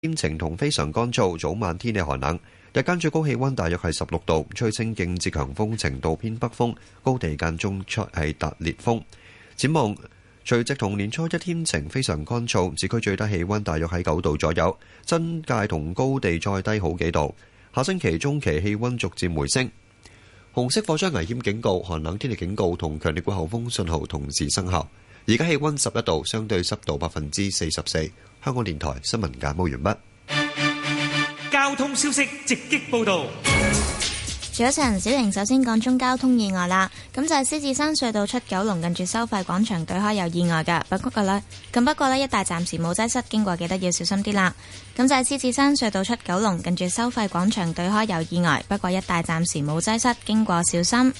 天晴同非常乾燥，早晚天氣寒冷，日間最高氣溫大約係十六度，吹清勁至強風程度偏北風，高地間中出係特烈風。展望除夕同年初一天晴，非常乾燥，市區最低氣溫大約喺九度左右，新界同高地再低好幾度。下星期中期氣溫逐漸回升。紅色火災危險警告、寒冷天氣警告同強烈季候風信號同時生效。而家氣溫十一度，相對濕度百分之四十四。香港電台新聞簡報完畢。交通消息直擊報道。早晨，小瑩首先講中交通意外啦。咁就係獅子山隧道出九龍近住收費廣場對開有意外噶，不過咧，咁不過呢，一帶暫時冇擠塞，經過記得要小心啲啦。咁就係獅子山隧道出九龍近住收費廣場對開有意外，不過一帶暫時冇擠塞，經過小心。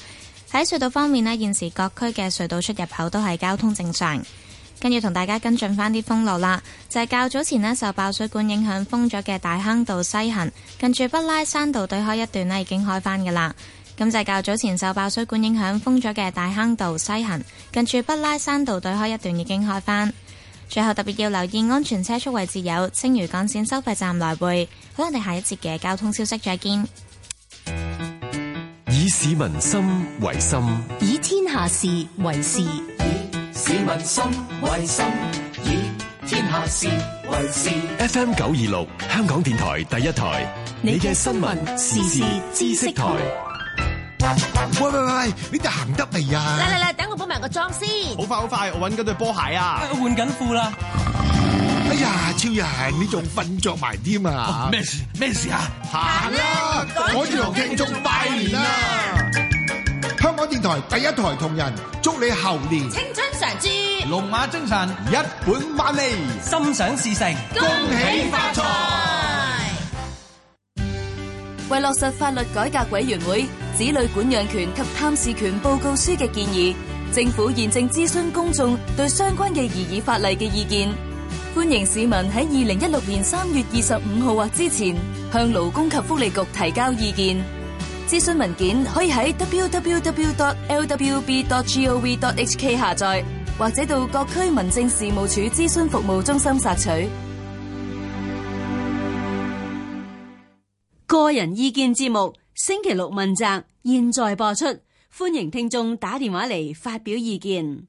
喺隧道方面呢，現時各區嘅隧道出入口都係交通正常，跟住同大家跟進翻啲封路啦。就係較早前呢，受爆水管影響封咗嘅大坑道西行，近住畢拉山道對開一段呢已經開返噶啦。咁就係較早前受爆水管影響封咗嘅大坑道西行，近住畢拉山道對開一段已經開返。最後特別要留意安全車速位置，有青嶼幹線收費站來回。好，我哋下一節嘅交通消息再見。嗯以市民心為心，以天下事為事。以市民心為心，以天下事為事。FM 九二六，香港電台第一台，你嘅新聞，的新聞時事知識台。喂喂喂，你哋行得嚟啊？嚟嚟嚟，等我補埋個妝先。好快好快，我揾緊對波鞋啊！我換緊褲啦。哎呀，超人，你仲瞓著埋添啊？咩事？咩事啊？行啦，我呢度同聽眾拜年啦！香港電台第一台同人祝你猴年青春常駐，龍馬精神，一本萬利，心想事成，恭喜發財。為落實法律改革委員會子女管養權及探視權報告書嘅建議，政府現正諮詢公眾對相關嘅擬議法例嘅意見。歡迎市民喺二零一六年三月二十五號或之前向勞工及福利局提交意見。諮詢文件可以喺 www.lwb.gov.hk 下載，或者到各區民政事務處諮詢服務中心索取。個人意見節目星期六問責，現在播出。歡迎聽眾打電話嚟，發表意見。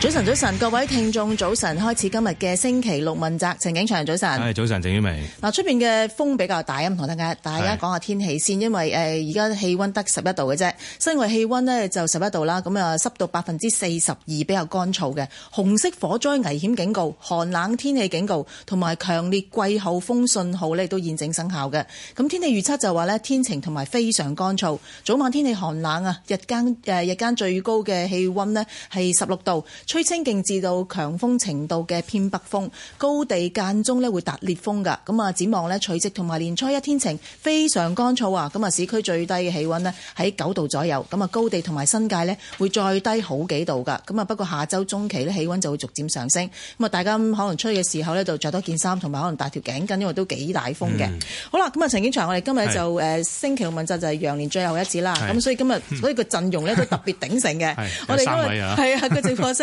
早晨，早晨，各位聽眾，早晨，開始今日嘅星期六問責。陳景祥，早晨。係早晨，鄭婉薇。嗱，出面嘅風比較大啊！唔同大家，大家講下天氣先，是因為誒、呃、而家氣温得十一度嘅啫，室外氣温呢就十一度啦。咁啊，濕度百分之四十二，比較乾燥嘅。紅色火災危險警告、寒冷天氣警告同埋強烈季候風信號呢都現正生效嘅。咁天氣預測就話呢，天晴同埋非常乾燥，早晚天氣寒冷啊！日間、呃、日間最高嘅氣温呢係十六度。吹清勁至到強風程度嘅偏北風，高地間中咧會達烈風㗎。咁啊，展望呢，除夕同埋年初一天晴，非常乾燥啊。咁啊，市區最低嘅氣温呢，喺九度左右。咁啊，高地同埋新界呢，會再低好幾度㗎。咁啊，不過下周中期呢，氣温就會逐漸上升。咁啊，大家可能出去嘅時候呢，就着多件衫，同埋可能戴條頸巾，因為都幾大風嘅。嗯、好啦，咁啊，陳景祥，我哋今日就誒是星期六問責就係羊年最後一次啦。咁是所以今日所以個陣容呢，都特別鼎盛嘅。我哋今日。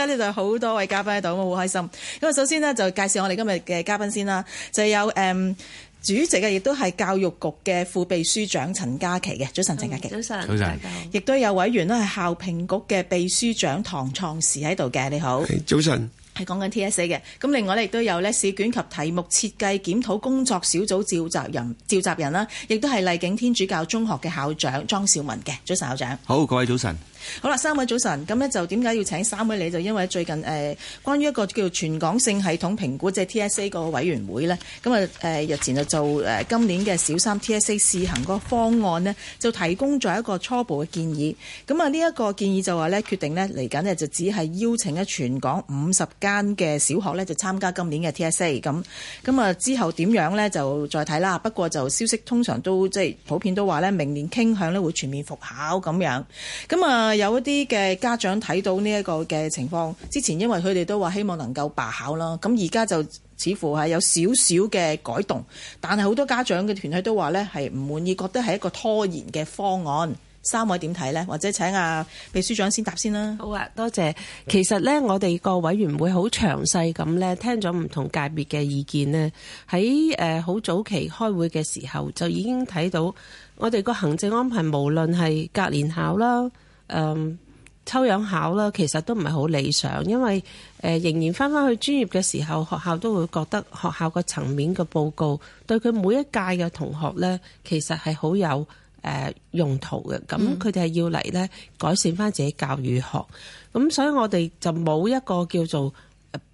啊， 好多位嘉賓喺度，我好開心。咁啊，首先呢，就介紹我哋今日嘅嘉賓先啦，就有誒主席啊，亦都係教育局嘅副秘書長陳嘉琪嘅。早晨，陳嘉琪。早晨，大家好。亦都有委員都係考評局嘅秘書長唐創時喺度嘅，你好。早晨。係講緊 T.S.A. 嘅。咁另外咧，亦都有呢試卷及題目設計檢討工作小組召集人召集人啦，亦都係荔景天主教中學嘅校長莊紹文嘅。早晨，校長。好，各位早晨。好啦，三位早晨。咁呢就點解要請三位嚟？就因為最近誒、呃，關於一個叫全港性系統評估，即、就、係、是、TSA 個委員會呢。咁、呃、啊日前就做今年嘅小三 TSA 試行個方案呢，就提供咗一個初步嘅建議。咁啊，呢一個建議就話呢決定呢嚟緊呢就只係邀請一全港五十間嘅小學呢，就參加今年嘅 TSA。咁咁啊，之後點樣呢？就再睇啦。不過就消息通常都即係、就是、普遍都話呢明年傾向呢會全面復考咁樣。咁啊～、呃有一啲嘅家長睇到呢一個嘅情況，之前因為佢哋都話希望能夠罷考啦，咁而家就似乎係有少少嘅改動，但係好多家長嘅團體都話呢係唔滿意，覺得係一個拖延嘅方案。三位點睇呢？或者請阿秘書長先答先啦。好啊，多謝。其實呢，我哋個委員會好詳細咁呢，聽咗唔同界別嘅意見呢，喺誒好早期開會嘅時候就已經睇到我哋個行政安排，無論係隔年考啦。嗯，抽樣考啦，其實都唔係好理想，因為誒、呃、仍然翻翻去專業嘅時候，學校都會覺得學校個層面嘅報告對佢每一屆嘅同學呢，其實係好有誒、呃、用途嘅。咁佢哋係要嚟呢改善翻自己的教育學，咁所以我哋就冇一個叫做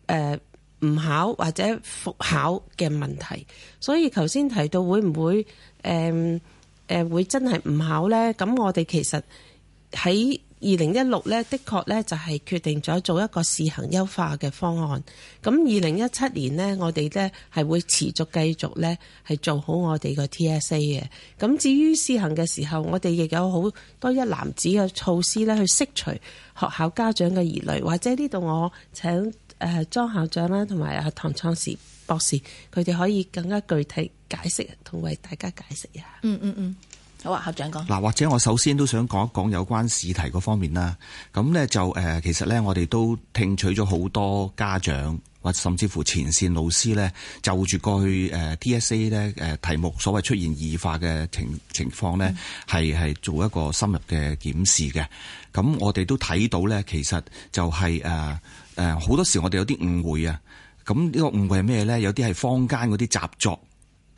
誒唔、呃、考或者復考嘅問題。所以頭先提到會唔會誒誒、呃、會真係唔考呢？咁我哋其實。喺二零一六呢，的確呢，就係決定咗做一個試行優化嘅方案。咁二零一七年呢，我哋呢係會持續繼續呢，係做好我哋個 TSA 嘅。咁至於試行嘅時候，我哋亦有好多一籃子嘅措施呢，去釋除學校家長嘅疑慮，或者呢度我請誒莊校長啦同埋阿唐創時博士佢哋可以更加具體解釋同為大家解釋一下。嗯嗯嗯。好啊，校長講嗱，或者我首先都想講一講有關試題嗰方面啦。咁咧就誒、呃，其實咧我哋都聽取咗好多家長或甚至乎前線老師咧，就住過去誒 TSA 咧誒題目所謂出現異化嘅情情況咧，係係做一個深入嘅檢視嘅。咁我哋都睇到咧，其實就係誒誒好多時我哋有啲誤會啊。咁呢個誤會係咩咧？有啲係坊間嗰啲習作。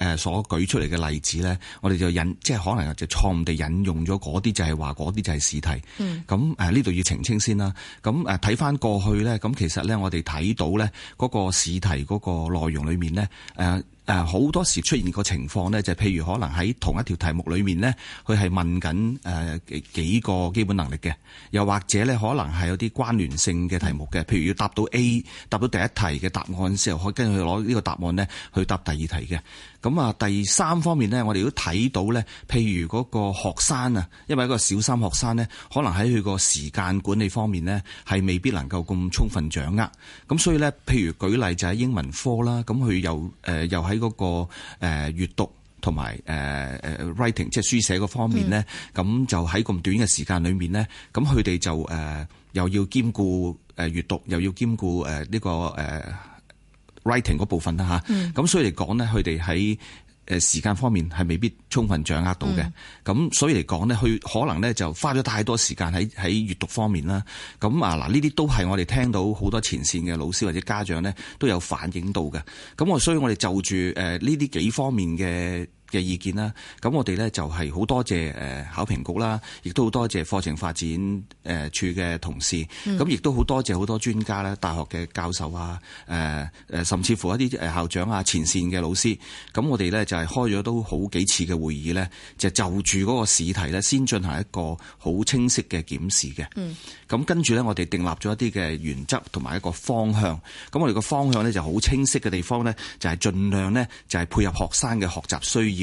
誒所舉出嚟嘅例子咧，我哋就引即係可能就錯誤地引用咗嗰啲，就係話嗰啲就係試題。咁誒呢度要澄清先啦。咁誒睇翻過去咧，咁其實咧我哋睇到咧嗰個試題嗰個內容裏面咧，誒誒好多時出現個情況咧、就是，就譬如可能喺同一條題目裏面咧，佢係問緊誒幾個個基本能力嘅，又或者咧可能係有啲關聯性嘅題目嘅，譬如要答到 A 答到第一題嘅答案之後可以跟佢攞呢個答案咧去答第二題嘅。咁啊，第三方面呢，我哋都睇到呢，譬如嗰個學生啊，因為一個小三學生呢，可能喺佢個時間管理方面呢，係未必能夠咁充分掌握。咁、嗯、所以呢，譬如舉例就喺、係、英文科啦，咁佢又誒、呃、又喺嗰、嗰個誒閱、呃、讀同埋誒誒 writing，即係書寫嗰方面呢，咁、嗯、就喺咁短嘅時間裏面呢，咁佢哋就誒、呃、又要兼顧誒閱讀又要兼顧誒呢個誒。呃 writing 嗰部分啦吓，咁、嗯、所以嚟講呢，佢哋喺誒時間方面係未必充分掌握到嘅，咁、嗯、所以嚟講呢，佢可能呢就花咗太多時間喺喺閱讀方面啦，咁啊嗱呢啲都係我哋聽到好多前線嘅老師或者家長呢都有反映到嘅，咁我所以我哋就住誒呢啲幾方面嘅嘅意見啦，咁我哋咧就係好多謝誒考評局啦，亦都好多謝課程發展誒處嘅同事，咁亦都好多謝好多專家咧，大學嘅教授啊，誒、呃、誒甚至乎一啲校長啊，前線嘅老師，咁我哋咧就係開咗都好幾次嘅會議咧，就是、就住嗰試題咧，先進行一個好清晰嘅檢視嘅。嗯。咁跟住咧，我哋訂立咗一啲嘅原則同埋一個方向。咁我哋個方向咧就好清晰嘅地方咧，就係、是、盡量咧就係配合學生嘅學習需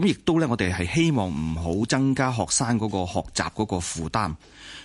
咁亦都咧，我哋係希望唔好增加學生嗰個學習嗰個負擔。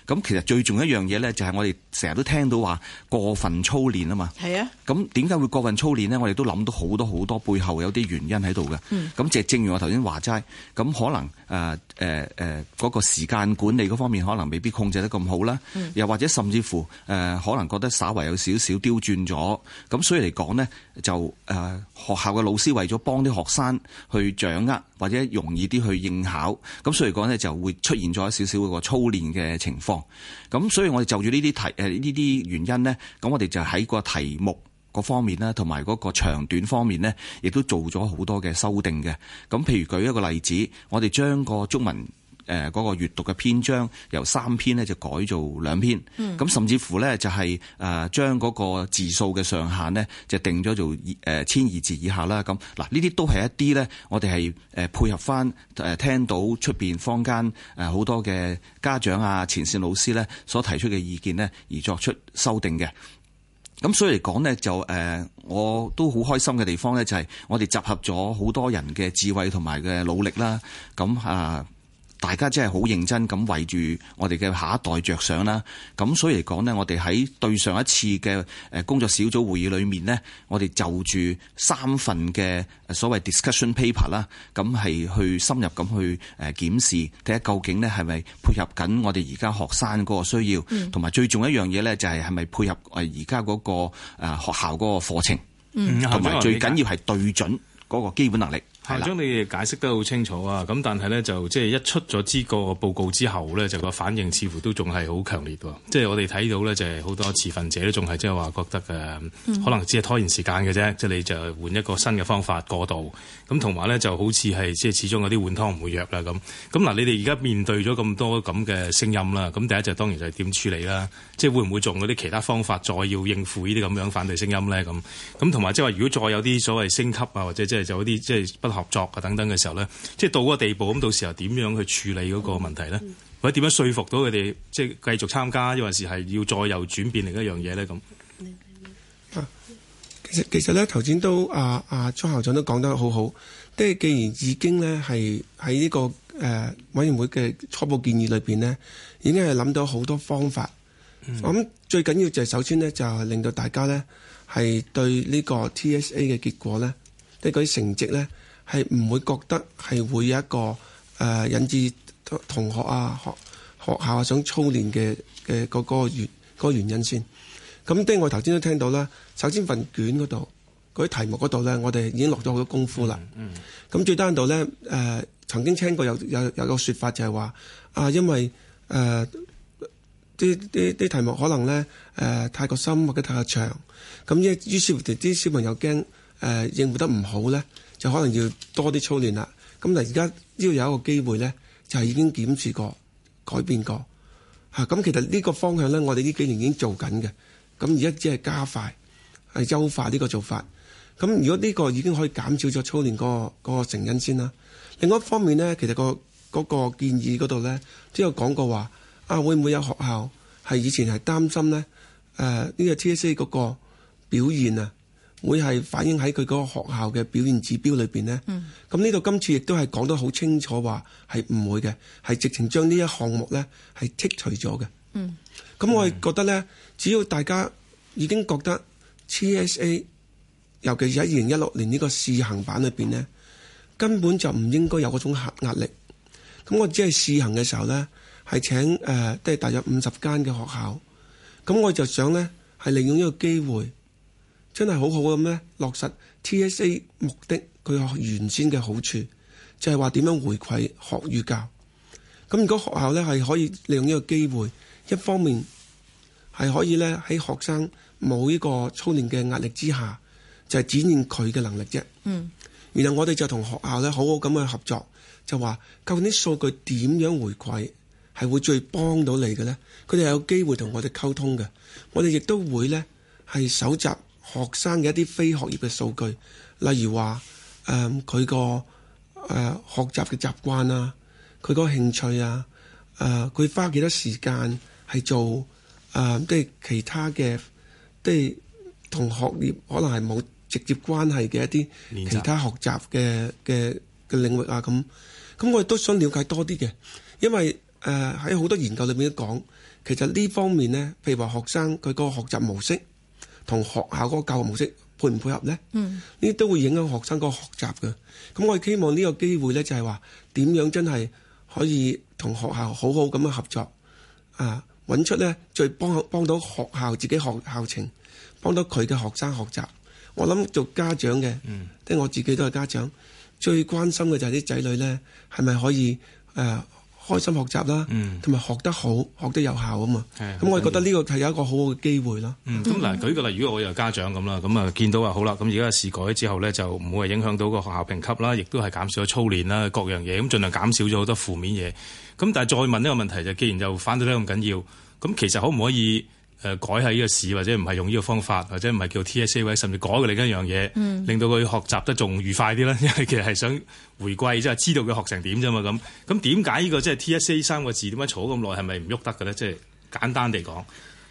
咁其實最重要一樣嘢咧，就係我哋成日都聽到話過分操練啊嘛。係啊。咁點解會過分操練咧？我哋都諗到好多好多背後有啲原因喺度嘅。咁即係正如我頭先話齋，咁可能誒誒嗰個時間管理嗰方面可能未必控制得咁好啦。嗯、又或者甚至乎誒、呃、可能覺得稍微有少少刁鑽咗，咁所以嚟講咧就誒、呃、學校嘅老師為咗幫啲學生去掌握。或者容易啲去應考，咁所以講呢就會出現咗少少個操練嘅情況。咁所以我們，我哋就住呢啲題誒呢啲原因呢，咁我哋就喺個題目嗰方面啦，同埋嗰個長短方面呢，亦都做咗好多嘅修訂嘅。咁譬如舉一個例子，我哋將個中文。誒嗰個閱讀嘅篇章由三篇呢就改做兩篇，咁、嗯、甚至乎呢就係誒將嗰個字數嘅上限呢就定咗做誒千二字以下啦。咁嗱，呢啲都係一啲呢，我哋係配合翻誒聽到出邊坊間誒好多嘅家長啊、前線老師呢所提出嘅意見呢而作出修訂嘅。咁所以嚟講呢，就誒我都好開心嘅地方呢，就係我哋集合咗好多人嘅智慧同埋嘅努力啦。咁啊～大家真係好認真咁為住我哋嘅下一代着想啦，咁所以嚟講咧，我哋喺對上一次嘅誒工作小組會議裏面咧，我哋就住三份嘅所謂 discussion paper 啦，咁係去深入咁去誒檢視睇下究竟咧係咪配合緊我哋而家學生嗰個需要，同埋、嗯、最重一樣嘢咧就係係咪配合誒而家嗰個誒學校嗰個課程，同埋、嗯、最緊要係對準嗰個基本能力。行將你解釋得好清楚啊！咁但係咧，就即係一出咗呢個報告之後咧，就個反應似乎都仲係好強烈喎、啊。嗯、即係我哋睇到咧，就係、是、好多持份者都仲係即係話覺得可能只係拖延時間嘅啫。嗯、即係你就換一個新嘅方法過度咁，同埋咧，就好似係即係始終有啲換湯唔會藥啦咁。咁嗱，你哋而家面對咗咁多咁嘅聲音啦，咁第一就當然就係點處理啦？即係會唔會仲嗰啲其他方法再要應付呢啲咁樣反對聲音咧？咁咁同埋即係話，如果再有啲所謂升級啊，或者即係就啲即不。合作啊，等等嘅時候咧，即係到嗰個地步，咁到時候點樣去處理嗰個問題咧？或者點樣說服到佢哋，即係繼續參加，或者是係要再由轉變另一樣嘢咧？咁啊，其實其實咧，頭先都阿阿張校長都講得好好，即係既然已經咧係喺呢個誒委員會嘅初步建議裏邊咧，已經係諗到好多方法。嗯、我諗最緊要就係首先咧，就係令到大家咧係對呢個 T S A 嘅結果咧，即係嗰啲成績咧。係唔會覺得係會有一個誒、呃、引致同學啊學學校啊想操練嘅嘅嗰個原、嗰個原因先咁。啲我頭先都聽到啦。首先份卷嗰度嗰啲題目嗰度咧，我哋已經落咗好多功夫啦。咁、嗯嗯、最低限度咧誒，曾經聽過有有有一個説法就係話啊，因為誒啲啲啲題目可能咧誒、呃、太過深或者太過長，咁呢於是乎啲小朋友驚誒應付得唔好咧。就可能要多啲操練啦。咁但而家呢要有一個機會咧，就係已經檢視過、改變過吓。咁其實呢個方向咧，我哋呢幾年已經做緊嘅。咁而家只係加快、係優化呢個做法。咁如果呢個已經可以減少咗操練嗰個嗰個成因先啦。另外一方面咧，其實個嗰個建議嗰度咧都有講過話啊，會唔會有學校係以前係擔心咧？誒、呃，呢個 TSA 嗰個表現啊？會係反映喺佢嗰個學校嘅表現指標裏邊呢。咁呢度今次亦都係講得好清楚，話係唔會嘅，係直情將呢一項目呢係剔除咗嘅。咁、嗯、我係覺得呢，嗯、只要大家已經覺得 TSA，尤其係喺二零一六年呢個試行版裏邊呢，嗯、根本就唔應該有嗰種壓力。咁我只係試行嘅時候呢，係請誒、呃、都係大約五十間嘅學校。咁我就想呢，係利用呢個機會。真係好好咁咧，落實 TSA 目的，佢有原先嘅好處就係話點樣回饋學與教。咁如果學校咧係可以利用呢個機會一方面係可以咧喺學生冇呢個操練嘅壓力之下，就係展現佢嘅能力啫。嗯，然後我哋就同學校咧好好咁去合作，就話究竟啲數據點樣回饋係會最幫到你嘅咧？佢哋係有機會同我哋溝通嘅，我哋亦都會咧係搜集。學生嘅一啲非學業嘅數據，例如話，誒佢個誒學習嘅習慣啊，佢個興趣啊，誒、呃、佢花幾多時間係做誒即係其他嘅，即係同學業可能係冇直接關係嘅一啲其他學習嘅嘅嘅領域啊，咁，咁我亦都想了解多啲嘅，因為誒喺好多研究裏面都講，其實呢方面咧，譬如話學生佢個學習模式。同學校嗰個教學模式配唔配合呢？嗯，呢都會影響學生嗰個學習嘅。咁我希望呢個機會呢，就係話點樣真係可以同學校好好咁樣合作啊，揾出呢最幫幫到學校自己學校程，幫到佢嘅學生學習。我諗做家長嘅，即係、嗯、我自己都係家長，最關心嘅就係啲仔女呢，係咪可以誒？啊開心學習啦，同埋學得好、學得有效啊嘛。咁、嗯、我覺得呢個係有一個好好嘅機會啦。咁嗱，嗯、舉個例子，如果我又家長咁啦，咁啊見到啊好啦，咁而家試改之後咧，就唔會影響到個學校評級啦，亦都係減少咗操練啦，各樣嘢咁，儘量減少咗好多負面嘢。咁但係再問呢個問題就，既然就反對得咁緊要，咁其實可唔可以？誒、呃、改下呢個試，或者唔係用呢個方法，或者唔係叫 TSA，或者甚至改嘅另一樣嘢，嗯、令到佢學習得仲愉快啲啦。因為其實係想回歸係、即係、知道佢學成點啫嘛。咁咁點解呢個即係、即係、TSA 三個字點解坐咁耐係咪唔喐得嘅咧？即係、即係、簡單地講。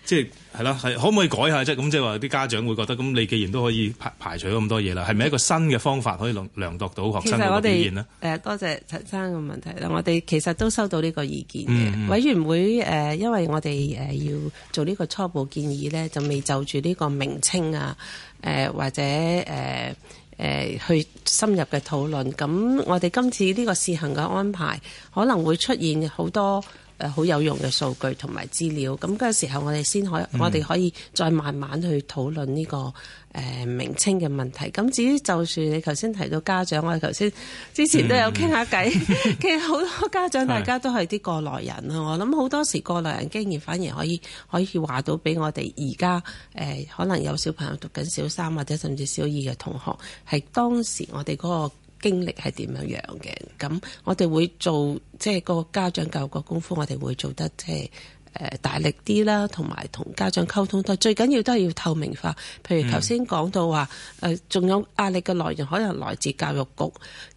即係係啦係可唔可以改下即係咁？即係話啲家長會覺得咁，你既然都可以排排除咗咁多嘢啦，係咪一個新嘅方法可以量，量度到學生嗰個表現咧、呃？多謝陳生嘅問題。我哋其實都收到呢個意見嘅。嗯嗯委員會誒、呃，因為我哋、呃、要做呢個初步建議呢，就未就住呢個名稱啊，誒、呃、或者誒、呃呃、去深入嘅討論。咁我哋今次呢個試行嘅安排可能會出現好多。誒好有用嘅數據同埋資料，咁嗰個時候我哋先可以，我哋可以再慢慢去討論呢、呢個誒、呃、名稱嘅問題。咁至於就算你頭先提到家長，我哋頭先之前都有傾下偈，嗯、其實好多家長， 大家都係啲過來人啦。的我諗好多時過來人經驗反而可以可以話到俾我哋而家誒可能有小朋友讀緊小三或者甚至小二嘅同學，係當時我哋嗰、嗰個經歷係點樣樣嘅？咁我哋會做即係、就是、個家長教育個功夫，我哋會做得即係誒大力啲啦，同埋同家長溝通多。最緊要都係要透明化。譬如頭先講到話誒，仲、呃、有壓力嘅來源，可能來自教育局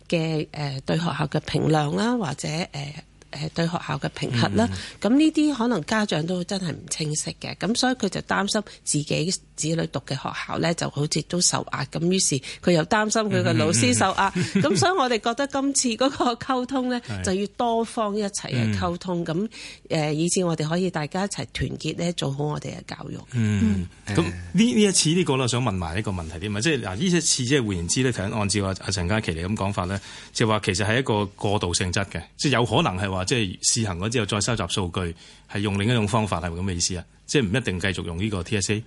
嘅誒、呃、對學校嘅評量啦，或者誒。呃誒對學校嘅評核啦，咁呢啲可能家長都真係唔清晰嘅，咁所以佢就擔心自己子女讀嘅學校呢就好似都受壓，咁於是佢又擔心佢嘅老師受壓，咁、嗯嗯、所以我哋覺得今次嗰個溝通呢，就要多方一齊去溝通，咁誒，嗯、以致我哋可以大家一齊團結呢，做好我哋嘅教育。嗯，咁呢呢一次呢個咧，我想問埋呢個問題啲咪，即係嗱呢一次即係換言之呢，其實按照阿阿陳嘉琪嚟咁講法呢，就話其實係一個過渡性質嘅，即係有可能係話。即係試行咗之後，再收集數據，係用另一種方法，係咪咁嘅意思啊？即係唔一定繼續用呢個 TSA，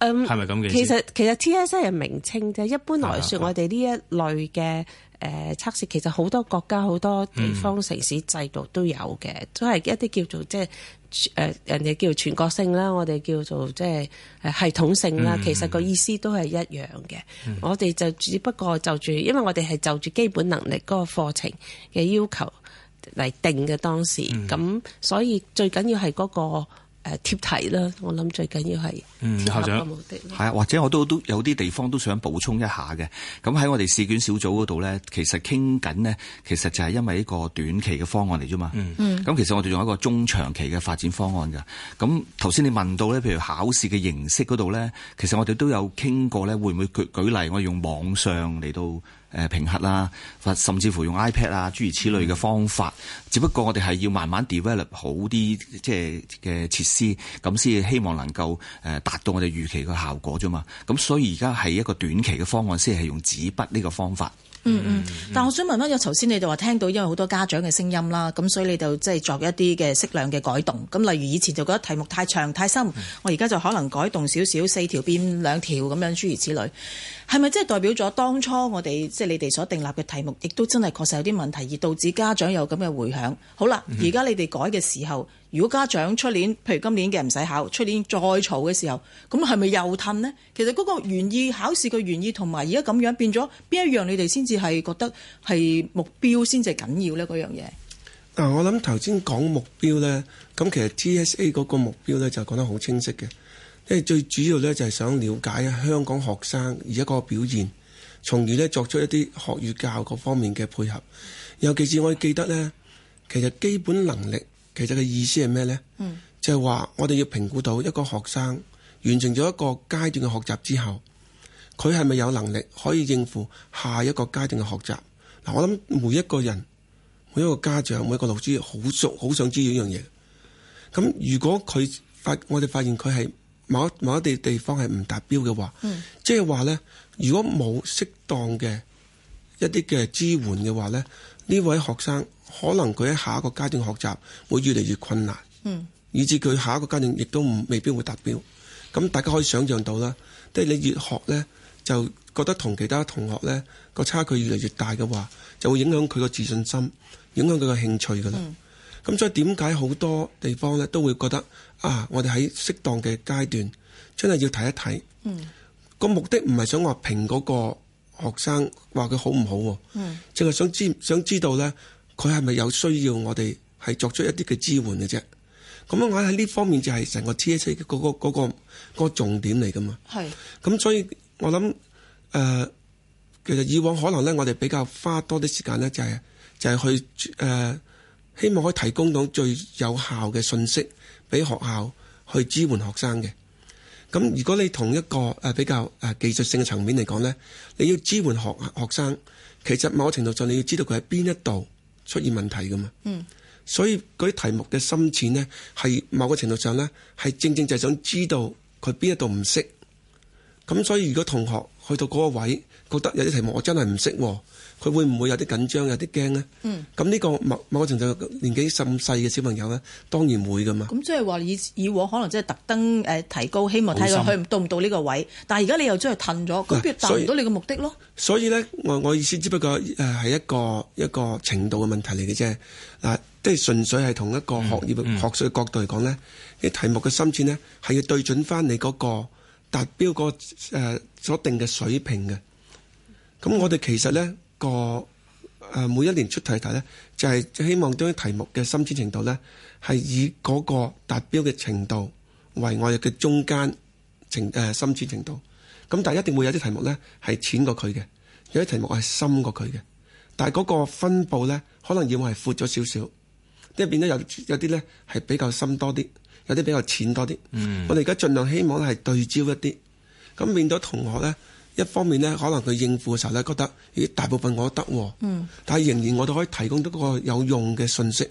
係咪咁嘅意思？其實其實 TSA 係名稱啫。一般來說，啊、我哋呢一類嘅誒測試，呃嗯、其實好多國家、好多地方、城市制度都有嘅，都係一啲叫做即係誒人哋叫全國性啦，我哋叫做即係誒系統性啦。嗯、其實個意思都係一樣嘅。嗯、我哋就只不過就住，因為我哋係就住基本能力嗰個課程嘅要求。嚟定嘅當時，咁、嗯、所以最緊要係嗰、嗰個誒、呃、貼題啦。我諗最緊要係、嗯、校長，係啊，或者我都都有啲地方都想補充一下嘅。咁喺我哋試卷小組嗰度咧，其實傾緊呢，其實就係因為一個短期嘅方案嚟啫嘛。嗯嗯，咁其實我哋用一個中長期嘅發展方案㗎。咁頭先你問到咧，譬如考試嘅形式嗰度咧，其實我哋都有傾過咧，會唔會舉舉例？我用網上嚟到，誒評核啦，甚至乎用 iPad 啊，諸如此類嘅方法。只不過我哋係要慢慢 develop 好啲，即係嘅設施，咁先至希望能夠誒達到我哋預期嘅效果啫嘛。咁所以而家係一個短期嘅方案，先係用紙筆呢個方法。嗯嗯，但我想問咧，有頭先你就話聽到因為好多家長嘅聲音啦，咁所以你就即係作一啲嘅適量嘅改動。咁例如以前就覺得題目太長太深，我而家就可能改動少少，四條變兩條咁樣，諸如此類。係咪即係代表咗當初我哋即係你哋所訂立嘅題目，亦都真係確實有啲問題，而導致家長有咁嘅迴響？好啦，而家你哋改嘅時候。如果家長出年，譬如今年嘅唔使考，出年再嘈嘅時候，咁係咪又氹呢？其實嗰個原意考試嘅原意，同埋而家咁樣變咗，邊一樣你哋先至係覺得係目標先至緊要呢？嗰樣嘢。嗱，我諗頭先講目標呢。咁其實 TSA 嗰個目標呢，就講得好清晰嘅，因為最主要呢，就係想了解香港學生而家個表現，從而呢作出一啲學與教各方面嘅配合。尤其是我記得呢，其實基本能力。其實嘅意思係咩呢？嗯，就係話我哋要評估到一個學生完成咗一個階段嘅學習之後，佢係咪有能力可以應付下一個階段嘅學習？嗱，我諗每一個人、每一個家長、每一個老師好熟、好想知道呢樣嘢。咁如果佢發，我哋發現佢係某某一地地方係唔達標嘅話，嗯、即係話呢，如果冇適當嘅一啲嘅支援嘅話呢，呢位學生。可能佢喺下一個階段學習會越嚟越困難，嗯，以至佢下一個階段亦都唔未必會達標。咁大家可以想象到啦，即係你越學呢，就覺得同其他同學呢個差距越嚟越大嘅話，就會影響佢個自信心，影響佢個興趣噶啦。咁、嗯、所以點解好多地方呢都會覺得啊，我哋喺適當嘅階段真係要睇一睇，嗯，個目的唔係想話評嗰個學生話佢好唔好，嗯，淨係想知想知道呢。佢係咪有需要？我哋係作出一啲嘅支援嘅啫。咁樣我喺呢方面就係成個 TSA 嗰個嗰個嗰個重點嚟噶嘛。係，咁，所以我諗誒，其實以往可能咧，我哋比較花多啲時間咧，就係就係去誒，希望可以提供到最有效嘅信息，俾學校去支援學生嘅。咁如果你同一個誒比較誒技術性嘅層面嚟講咧，你要支援學學生，其實某程度上你要知道佢喺邊一度，出現問題噶嘛，嗯，所以嗰啲題目嘅深淺呢，係某個程度上呢，係正正就係想知道佢邊一度唔識，咁所以如果同學去到嗰個位，覺得有啲題目我真係唔識喎。佢會唔會有啲緊張，有啲驚呢？嗯。咁呢個某某程度，年紀甚細嘅小朋友呢，當然會噶嘛。咁即係話以以往可能即係特登誒提高，希望睇佢佢到唔到呢個位。心但係而家你又將佢褪咗，咁必然達唔到你嘅目的咯。啊、所以呢，我我意思只不過誒係一個一個程度嘅問題嚟嘅啫。嗱、啊，即係純粹係同一個學業、嗯、學術嘅角度嚟講、嗯、呢，啲題目嘅深淺呢，係要對準翻你嗰、嗰個達標個、呃、所定嘅水平嘅。咁我哋其實呢，個誒每一年出題題咧，就係、是、希望將啲題目嘅深淺程度咧，係以嗰個達標嘅程度為我哋嘅中間情誒、呃、深淺程度。咁但係一定會有啲題目咧係淺過佢嘅，有啲題目係深過佢嘅。但係嗰個分佈咧，可能要係闊咗少少，即係變得有有啲咧係比較深多啲，有啲比較淺多啲。嗯、我哋而家盡量希望係對焦一啲，咁變咗同學咧。一方面呢，可能佢應付嘅時候咧，常常覺得咦大部分我都得，嗯、但係仍然我都可以提供到個有用嘅信息。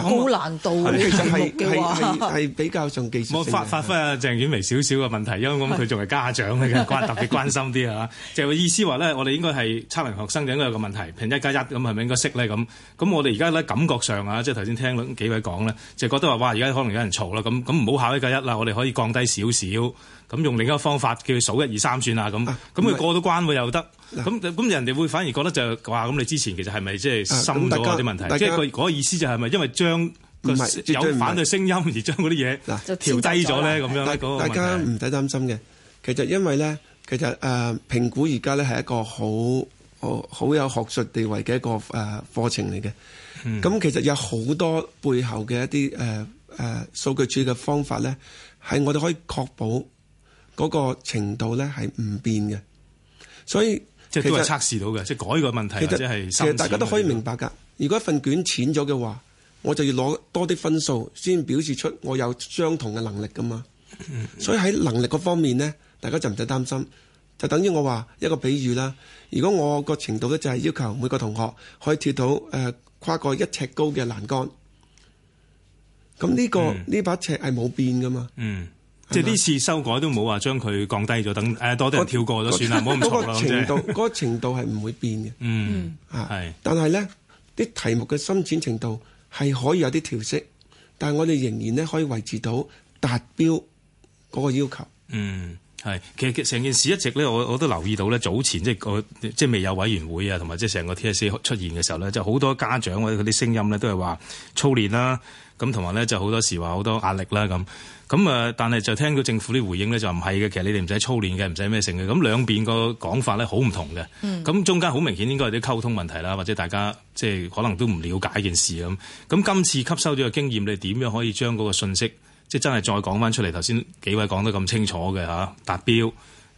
好哇難道度嘅、嗯、其實係係 比較上技術我發發揮阿、啊、鄭婉薇少少嘅問題，因為咁佢仲係家長嚟嘅，關特別關心啲嚇。 就意思話咧，我哋應該係測量學生嘅應該有個問題，平一加一咁係咪應該識咧咁？咁我哋而家咧感覺上啊，即係頭先聽幾位講咧，就是、覺得話哇而家可能有人嘈啦，咁咁唔好考一加一啦，我哋可以降低少少。咁用另一個方法叫佢數一二三算啊咁，咁佢過到關喎又得，咁咁、啊、人哋會反而覺得就話，咁你之前其實係咪即係深咗啲問題？啊、即係嗰個意思就係咪因為將、嗰個有反對聲音而將嗰啲嘢調低咗咧咁樣、嗰個問題、大家唔使擔心嘅，其實因為咧，其實誒、呃、評估而家咧係一個好好好有學術地位嘅一個誒課程嚟嘅。咁、嗯、其實有好多背後嘅一啲誒、呃呃、數據處理嘅方法咧，係我哋可以確保。嗰個程度咧係唔變嘅，所以其實測試到嘅，即係改個問題或者係，其實大家都可以明白噶。如果一份卷淺咗嘅話，我就要攞多啲分數先表示出我有相同嘅能力噶嘛。嗯、所以喺能力嗰方面咧，大家就唔使擔心。就等於我話一個比喻啦。如果我個程度咧就係、是、要求每個同學可以跳到誒、呃、跨過一尺高嘅欄杆，咁呢、呢個呢、嗯、把尺係冇變噶嘛？嗯。即係呢次修改都冇話將佢降低咗，等誒多啲人跳過咗算啦，冇咁嘈啦。嗰個程度，嗰個 程度係唔會變嘅。嗯，係、啊。是但係咧，啲題目嘅深淺程度係可以有啲調適，但係我哋仍然咧可以維持到達標嗰個要求。嗯，係。其實成件事一直咧，我我都留意到咧，早前即係、就是、我即係、就是、未有委員會啊，同埋即係成個 TSA 出現嘅時候咧，就好、是、多家長或者嗰啲聲音咧，都係話操練啦，咁同埋咧就好多時話好多壓力啦咁。咁啊！但係就聽到政府啲回應咧，就唔係嘅。其實你哋唔使操練嘅，唔使咩成嘅。咁兩邊個講法咧，好唔同嘅。咁中間好明顯應該係啲溝通問題啦，或者大家即係可能都唔了解件事咁。咁今次吸收咗個經驗，你點樣可以將嗰個訊息即係真係再講翻出嚟？頭先幾位講得咁清楚嘅嚇，達標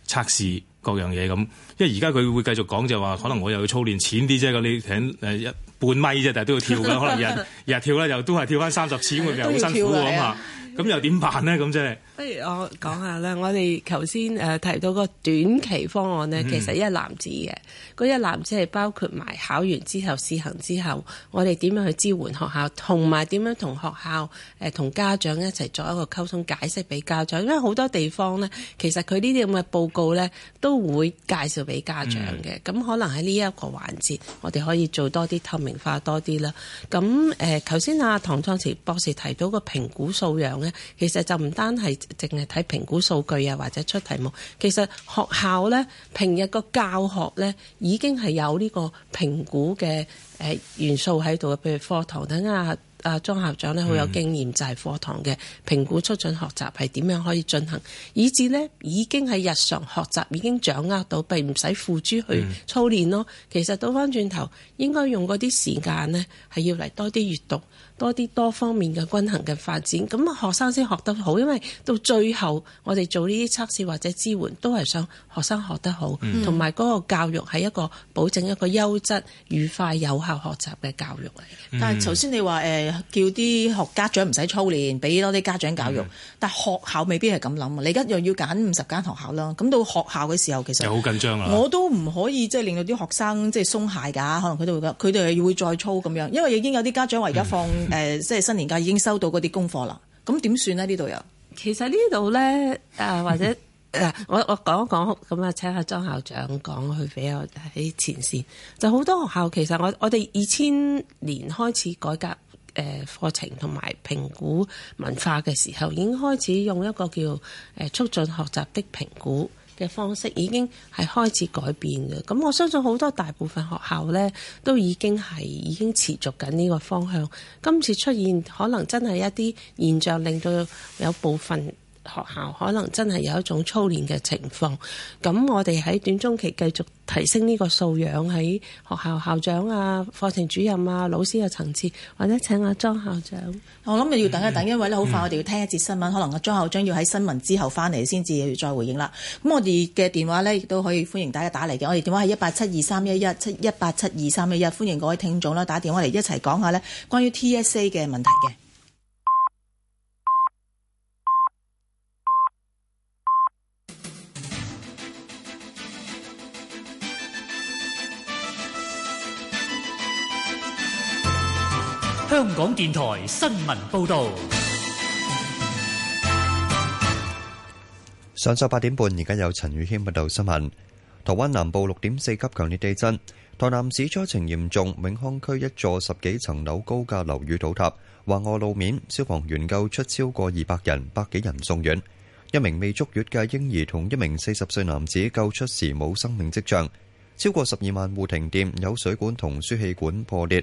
測試各樣嘢咁。因為而家佢會繼續講就話，可能我又要操練淺啲啫，嗰啲一半米啫，但係都要跳㗎。 可能日日,日,日跳呢，又都係跳翻三十次會,會好辛苦嘅嘛。咁又點辦呢？咁真係不如我講下啦。是的 我哋頭先誒提到個短期方案呢，嗯、其實一籃子嘅嗰一籃子係包括埋考完之後試行之後，我哋點樣去支援學校，同埋點樣同學校同、呃、家長一齊作一個溝通解釋俾家長。因為好多地方呢，其實佢呢啲咁嘅報告呢，都會介紹俾家長嘅。咁、嗯、可能喺呢一個環節，我哋可以做多啲透明化多啲啦。咁誒，頭先阿唐創時博士提到個評估素養。其實就唔單係淨係睇評估數據啊，或者出題目。其實學校呢，平日個教學呢，已經係有呢個評估嘅誒元素喺度嘅，譬如課堂。等阿阿莊校長咧好有經驗，就係課堂嘅評估促進學習係點樣可以進行，以至呢已經喺日常學習已經掌握到，並唔使付諸去操練咯。嗯、其實倒翻轉頭，應該用嗰啲時間咧係要嚟多啲閱讀。多啲多方面嘅均衡嘅發展，咁學生先學得好。因為到最後我哋做呢啲測試或者支援，都係想學生學得好，同埋嗰個教育係一個保證一個優質愉快、有效學習嘅教育嚟、嗯、但係頭先你話誒、呃、叫啲學家長唔使操練俾多啲家長教育，嗯、但學校未必係咁諗啊！你而家又要揀五十間學校啦，咁到學校嘅時候其實好緊張啊！我都唔可以即係令到啲學生即係鬆懈噶，可能佢哋會佢哋要會再操咁樣，因為已經有啲家長話而家放、嗯。誒，嗯、即係新年假已經收到嗰啲功課啦，咁點算呢？呢度有其實呢度咧，啊或者， 我我講一講，咁啊請下莊校長講，佢比我喺前線，就好多學校其實我我哋二千年開始改革誒課程同埋評估文化嘅時候，已經開始用一個叫誒促進學習的評估。嘅方式已經係開始改變嘅，咁我相信好多大部分學校呢，都已經係已經持續緊呢個方向。今次出現可能真係一啲現象，令到有部分學校可能真係有一種操練嘅情況，咁我哋喺短中期繼續提升呢個素養喺學校校長啊、課程主任啊、老師嘅層次，或者請阿莊校長，我諗又要等一等，因為咧好快我哋要聽一節新聞，嗯，可能阿莊校長要喺新聞之後翻嚟先至再回應啦。咁我哋嘅電話咧亦都可以歡迎大家打嚟嘅，我哋電話係一八七二三一一七一八七二三一一，歡迎各位聽眾啦，打電話嚟一齊講下咧關於 T S A 嘅問題嘅。香港電台新聞報道：上晝八點半，而家有陳宇謙報道新聞。台灣南部六點四級強烈地震，台南市災情嚴重，永康區一座十幾層樓高嘅樓宇倒塌，橫臥路面。消防員救出超過二百人，百幾人送院。一名未足月嘅嬰兒同一名四十歲男子救出時冇生命跡象，超過十二萬戶停電，有水管同輸氣管破裂。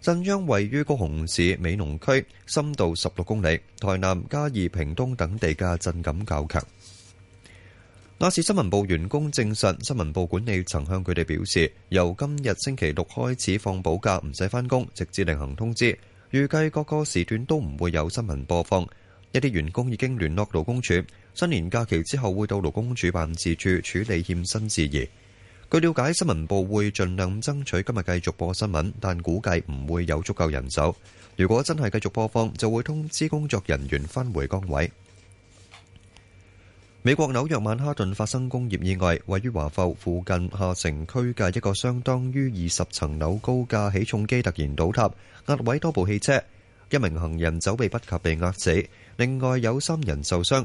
震央位於高雄市美濃區，深度十六公里，台南、嘉義、屏東等地嘅震感較強。亞視新聞部員工證實，新聞部管理層向佢哋表示，由今日星期六開始放補假，唔使返工，直接另行通知。預計各個時段都唔會有新聞播放。一啲員工已經聯絡勞工處，新年假期之後會到勞工處辦事處處理欠薪事宜。據了解，新聞部會盡量爭取今日繼續播新聞，但估計唔會有足夠人手。如果真係繼續播放，就會通知工作人員返回崗位。美國紐約曼哈頓發生工業意外，位於華埠附近下城區嘅一個相當於二十層樓高架起重機突然倒塌，壓毀多部汽車，一名行人走避不及被壓死，另外有三人受傷。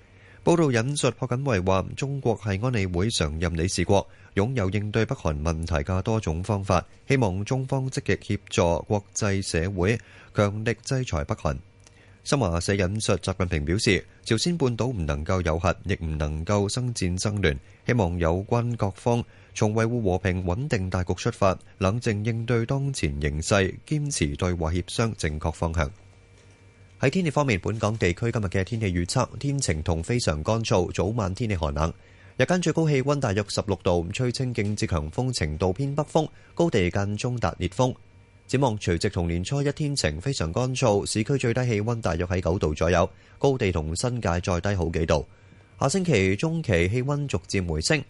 報道引述朴槿惠話：中國係安理會常任理事國，擁有應對北韓問題嘅多種方法，希望中方積極協助國際社會強力制裁北韓。新華社引述習近平表示：朝鮮半島唔能夠有核，亦唔能夠生戰生亂，希望有關各方從維護和平穩定大局出發，冷靜應對當前形勢，堅持對話協商正確方向。喺天氣方面，本港地區今日嘅天氣預測，天晴同非常乾燥，早晚天氣寒冷，日間最高氣溫大約十六度，吹清勁至強風程度偏北風，高地間中達烈風。展望除夕同年初一天晴，非常乾燥，市區最低氣溫大約喺九度左右，高地同新界再低好幾度。下星期中期氣溫逐漸回升。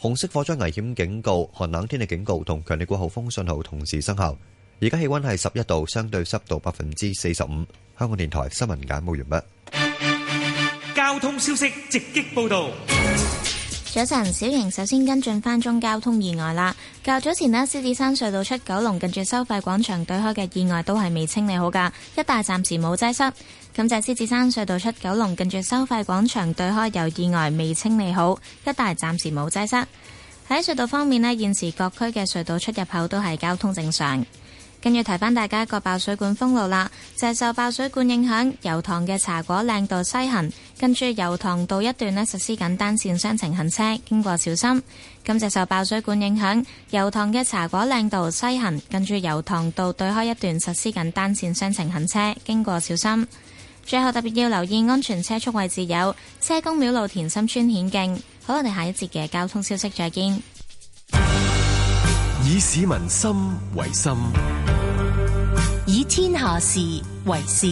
紅色火災危險警告，寒冷天氣警告同強烈季候風信號同時生效。而家氣溫係十一度，相對濕度百分之四十五。香港電台新聞簡報完畢。交通消息直擊報道。早晨，小瑩首先跟進翻宗交通意外啦。較早前呢獅子山隧道出九龍近住收費廣場對開嘅意外都係未清理好噶，一帶暫時冇擠塞。咁就獅子山隧道出九龍近住收費廣場對開有意外未清理好，一帶暫時冇擠塞。喺隧道方面呢現時各區嘅隧道出入口都係交通正常。跟住提翻大家一個爆水管封路啦，就係受爆水管影響，油塘嘅茶果嶺道西行，跟住油塘道一段咧，實施緊單線雙程行車，經過小心。咁就受爆水管影響，油塘嘅茶果嶺道西行，跟住油塘道對開一段實施緊單線雙程行車，經過小心。最後特別要留意安全車速位置有車公廟路、田心村、顯徑。好，我哋下一節嘅交通消息再見。以市民心為心。天下事為事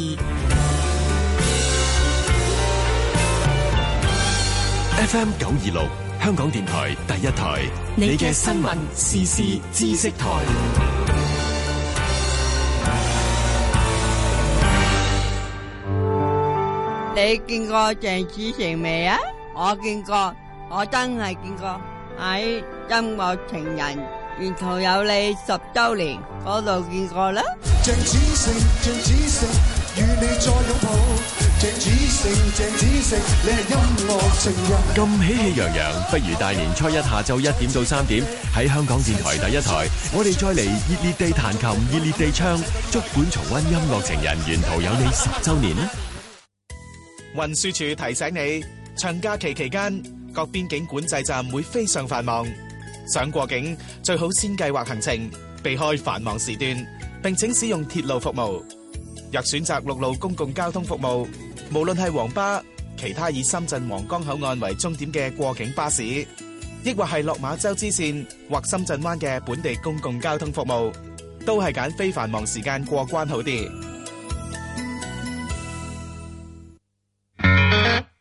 ，FM 九二六香港電台第一台，你嘅新聞時事知識台。你見過鄭子誠未啊？我見過，我真係見過喺《音、哎、樂情人》。沿途有你十周年，嗰度見過啦。鄭子誠，鄭子誠與你再擁抱，鄭子誠，鄭子誠你係音樂情人。咁喜氣洋洋，不如大年初一下晝一點到三點喺香港電台第一台，我哋再嚟熱烈地彈琴，熱烈地唱《竹本重溫音樂情人》，沿途有你十周年。運輸處提醒你，長假期期間各邊境管制站會非常繁忙。想過境，最好先計劃行程，避開繁忙時段，並請使用鐵路服務。若選擇陸路公共交通服務，無論係黃巴、其他以深圳皇崗口岸為終點嘅過境巴士，亦或係落馬洲支線或深圳灣嘅本地公共交通服務，都係揀非繁忙時間過關好啲。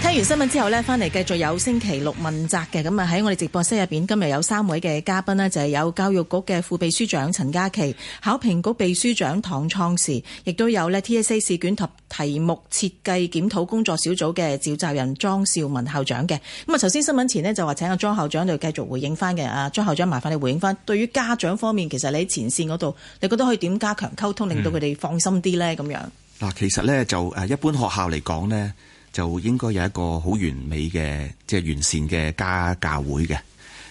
聽完新聞之後呢，翻嚟繼續有星期六問責嘅，咁啊喺我哋直播室入邊，今日有三位嘅嘉賓呢，就係、是、有教育局嘅副秘書長陳嘉琪、考評局秘書長唐創時，亦都有呢 T S A 試卷及題目設計檢討工作小組嘅召集人莊紹文校長嘅。咁啊，頭先新聞前呢，就話請阿莊校長就繼續回應翻嘅，啊，莊校長麻煩你回應翻，對於家長方面，其實你喺前線嗰度你覺得可以點加強溝通，令到佢哋放心啲呢？咁樣嗱，其實呢，就誒一般學校嚟講呢。就應該有一個好完美嘅即係完善嘅家教會嘅，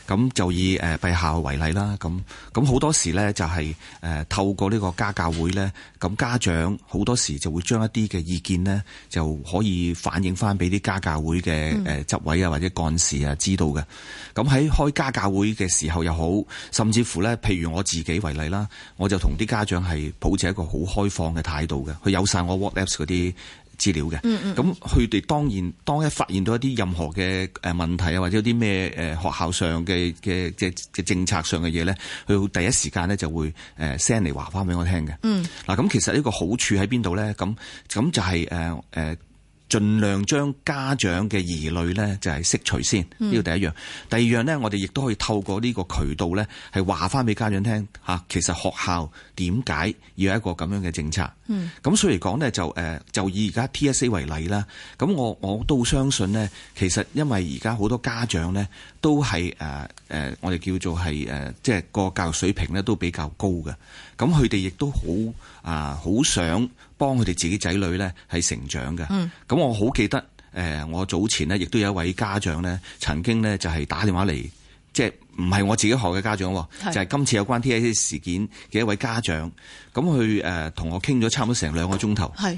咁就以誒閉校為例啦。咁咁好多時呢、就是，就係誒透過呢個家教會呢，咁家長好多時就會將一啲嘅意見呢，就可以反映翻俾啲家教會嘅、嗯呃、執委啊或者幹事啊知道嘅。咁喺開家教會嘅時候又好，甚至乎呢，譬如我自己為例啦，我就同啲家長係保持一個好開放嘅態度嘅，佢有晒我 WhatsApp 嗰啲。資料嘅咁，佢哋、嗯嗯、當然當一發現到一啲任何嘅誒問題啊，或者有啲咩誒學校上嘅嘅嘅嘅政策上嘅嘢咧，佢會第一時間咧就會誒 send 嚟話翻俾我聽嘅。嗱、嗯，咁其實呢個好處喺邊度咧？咁咁就係、是呃呃盡量將家長嘅疑慮咧，就係釋除先，呢個第一樣。第二樣咧，我哋亦都可以透過呢個渠道咧，係話翻俾家長聽嚇，其實學校點解要有一個咁樣嘅政策？咁、嗯、所以嚟講咧，就誒就以而家 TSA 為例啦。咁我我都相信咧，其實因為而家好多家長咧都係誒誒我哋叫做係誒，即係個教育水平咧都比較高嘅。咁佢哋亦都好啊，好、呃、想幫佢哋自己仔女咧係成長嘅。咁、嗯、我好記得誒、呃，我早前咧亦都有一位家長咧，曾經咧就係、是、打電話嚟，即係唔係我自己學嘅家長，嗯、就係今次有關 TSA 事件嘅一位家長。咁佢誒同我傾咗差唔多成兩個鐘頭。係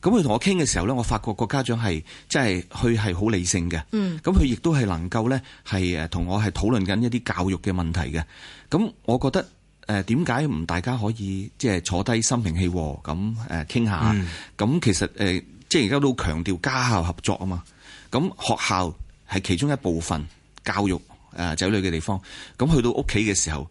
咁佢同我傾嘅時候咧，我發覺個家長係即係佢係好理性嘅。嗯，咁佢亦都係能夠咧係同我係討論緊一啲教育嘅問題嘅。咁我覺得。誒點解唔大家可以即係坐低心平氣和咁誒傾下？咁其實誒即係而家都強調家校合作啊嘛。咁學校係其中一部分教育誒子女嘅地方。咁去到屋企嘅時候，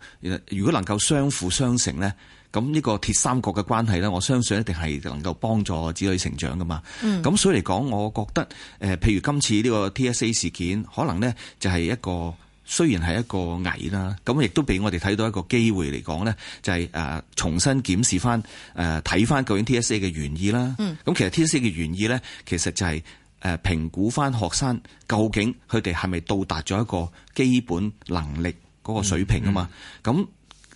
如果能夠相輔相成咧，咁呢個鐵三角嘅關係咧，我相信一定係能夠幫助子女成長噶嘛。咁所以嚟講，我覺得誒譬如今次呢個 TSA 事件，可能咧就係一個。雖然係一個危啦，咁亦都俾我哋睇到一個機會嚟講咧，就係、是、誒重新檢視翻誒睇翻究竟 TSA 嘅原意啦。嗯，咁其實 TSA 嘅原意咧，其實就係誒評估翻學生究竟佢哋係咪到達咗一個基本能力個水平啊嘛。咁誒、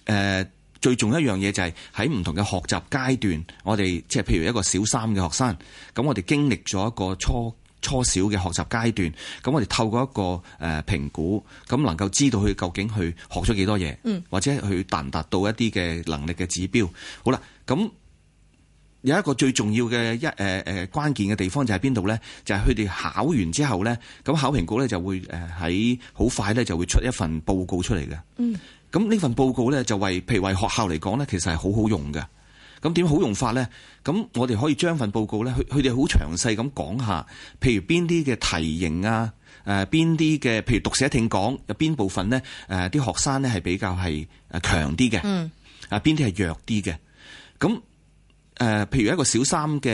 嗯嗯、最重要一樣嘢就係喺唔同嘅學習階段，我哋即係譬如一個小三嘅學生，咁我哋經歷咗一個初。初小嘅學習階段，咁我哋透過一個誒、呃、評估，咁能夠知道佢究竟去學咗幾多嘢，嗯、或者佢達唔達到一啲嘅能力嘅指標。好啦，咁有一個最重要嘅一誒誒關鍵嘅地方就喺邊度咧？就係佢哋考完之後咧，咁考評估咧就會誒喺好快咧就會出一份報告出嚟嘅。嗯，咁呢份報告咧就為，譬如為學校嚟講咧，其實係好好用嘅。咁點好用法咧？咁我哋可以將份報告咧，佢佢哋好詳細咁講下，譬如邊啲嘅題型啊，誒邊啲嘅，譬如讀寫聽講有邊部分咧，誒啲學生咧係比較係誒強啲嘅，啊邊啲係弱啲嘅，咁誒譬如一個小三嘅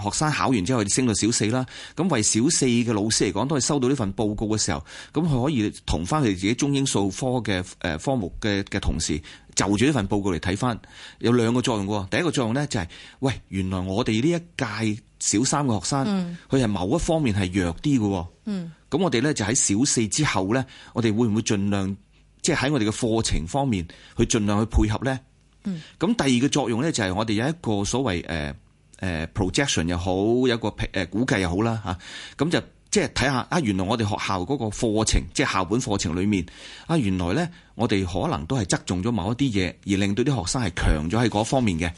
學生考完之後升到小四啦，咁為小四嘅老師嚟講，都係收到呢份報告嘅時候，咁佢可以同翻佢哋自己中英數科嘅誒科目嘅嘅同事，就住呢份報告嚟睇翻，有兩個作用喎。第一個作用咧就係、是，喂，原來我哋呢一屆小三嘅學生，佢係、嗯、某一方面係弱啲嘅。嗯，咁我哋咧就喺小四之後咧，我哋會唔會盡量，即係喺我哋嘅課程方面去盡量去配合咧？嗯，咁第二個作用咧就係我哋有一個所謂誒、呃呃、projection 又好，有一個、呃、估計又好啦嚇，咁、啊、就。即係睇下啊！原來我哋學校嗰個課程，即係校本課程裏面啊，原來咧，我哋可能都係側重咗某一啲嘢，而令到啲學生係強咗喺嗰方面嘅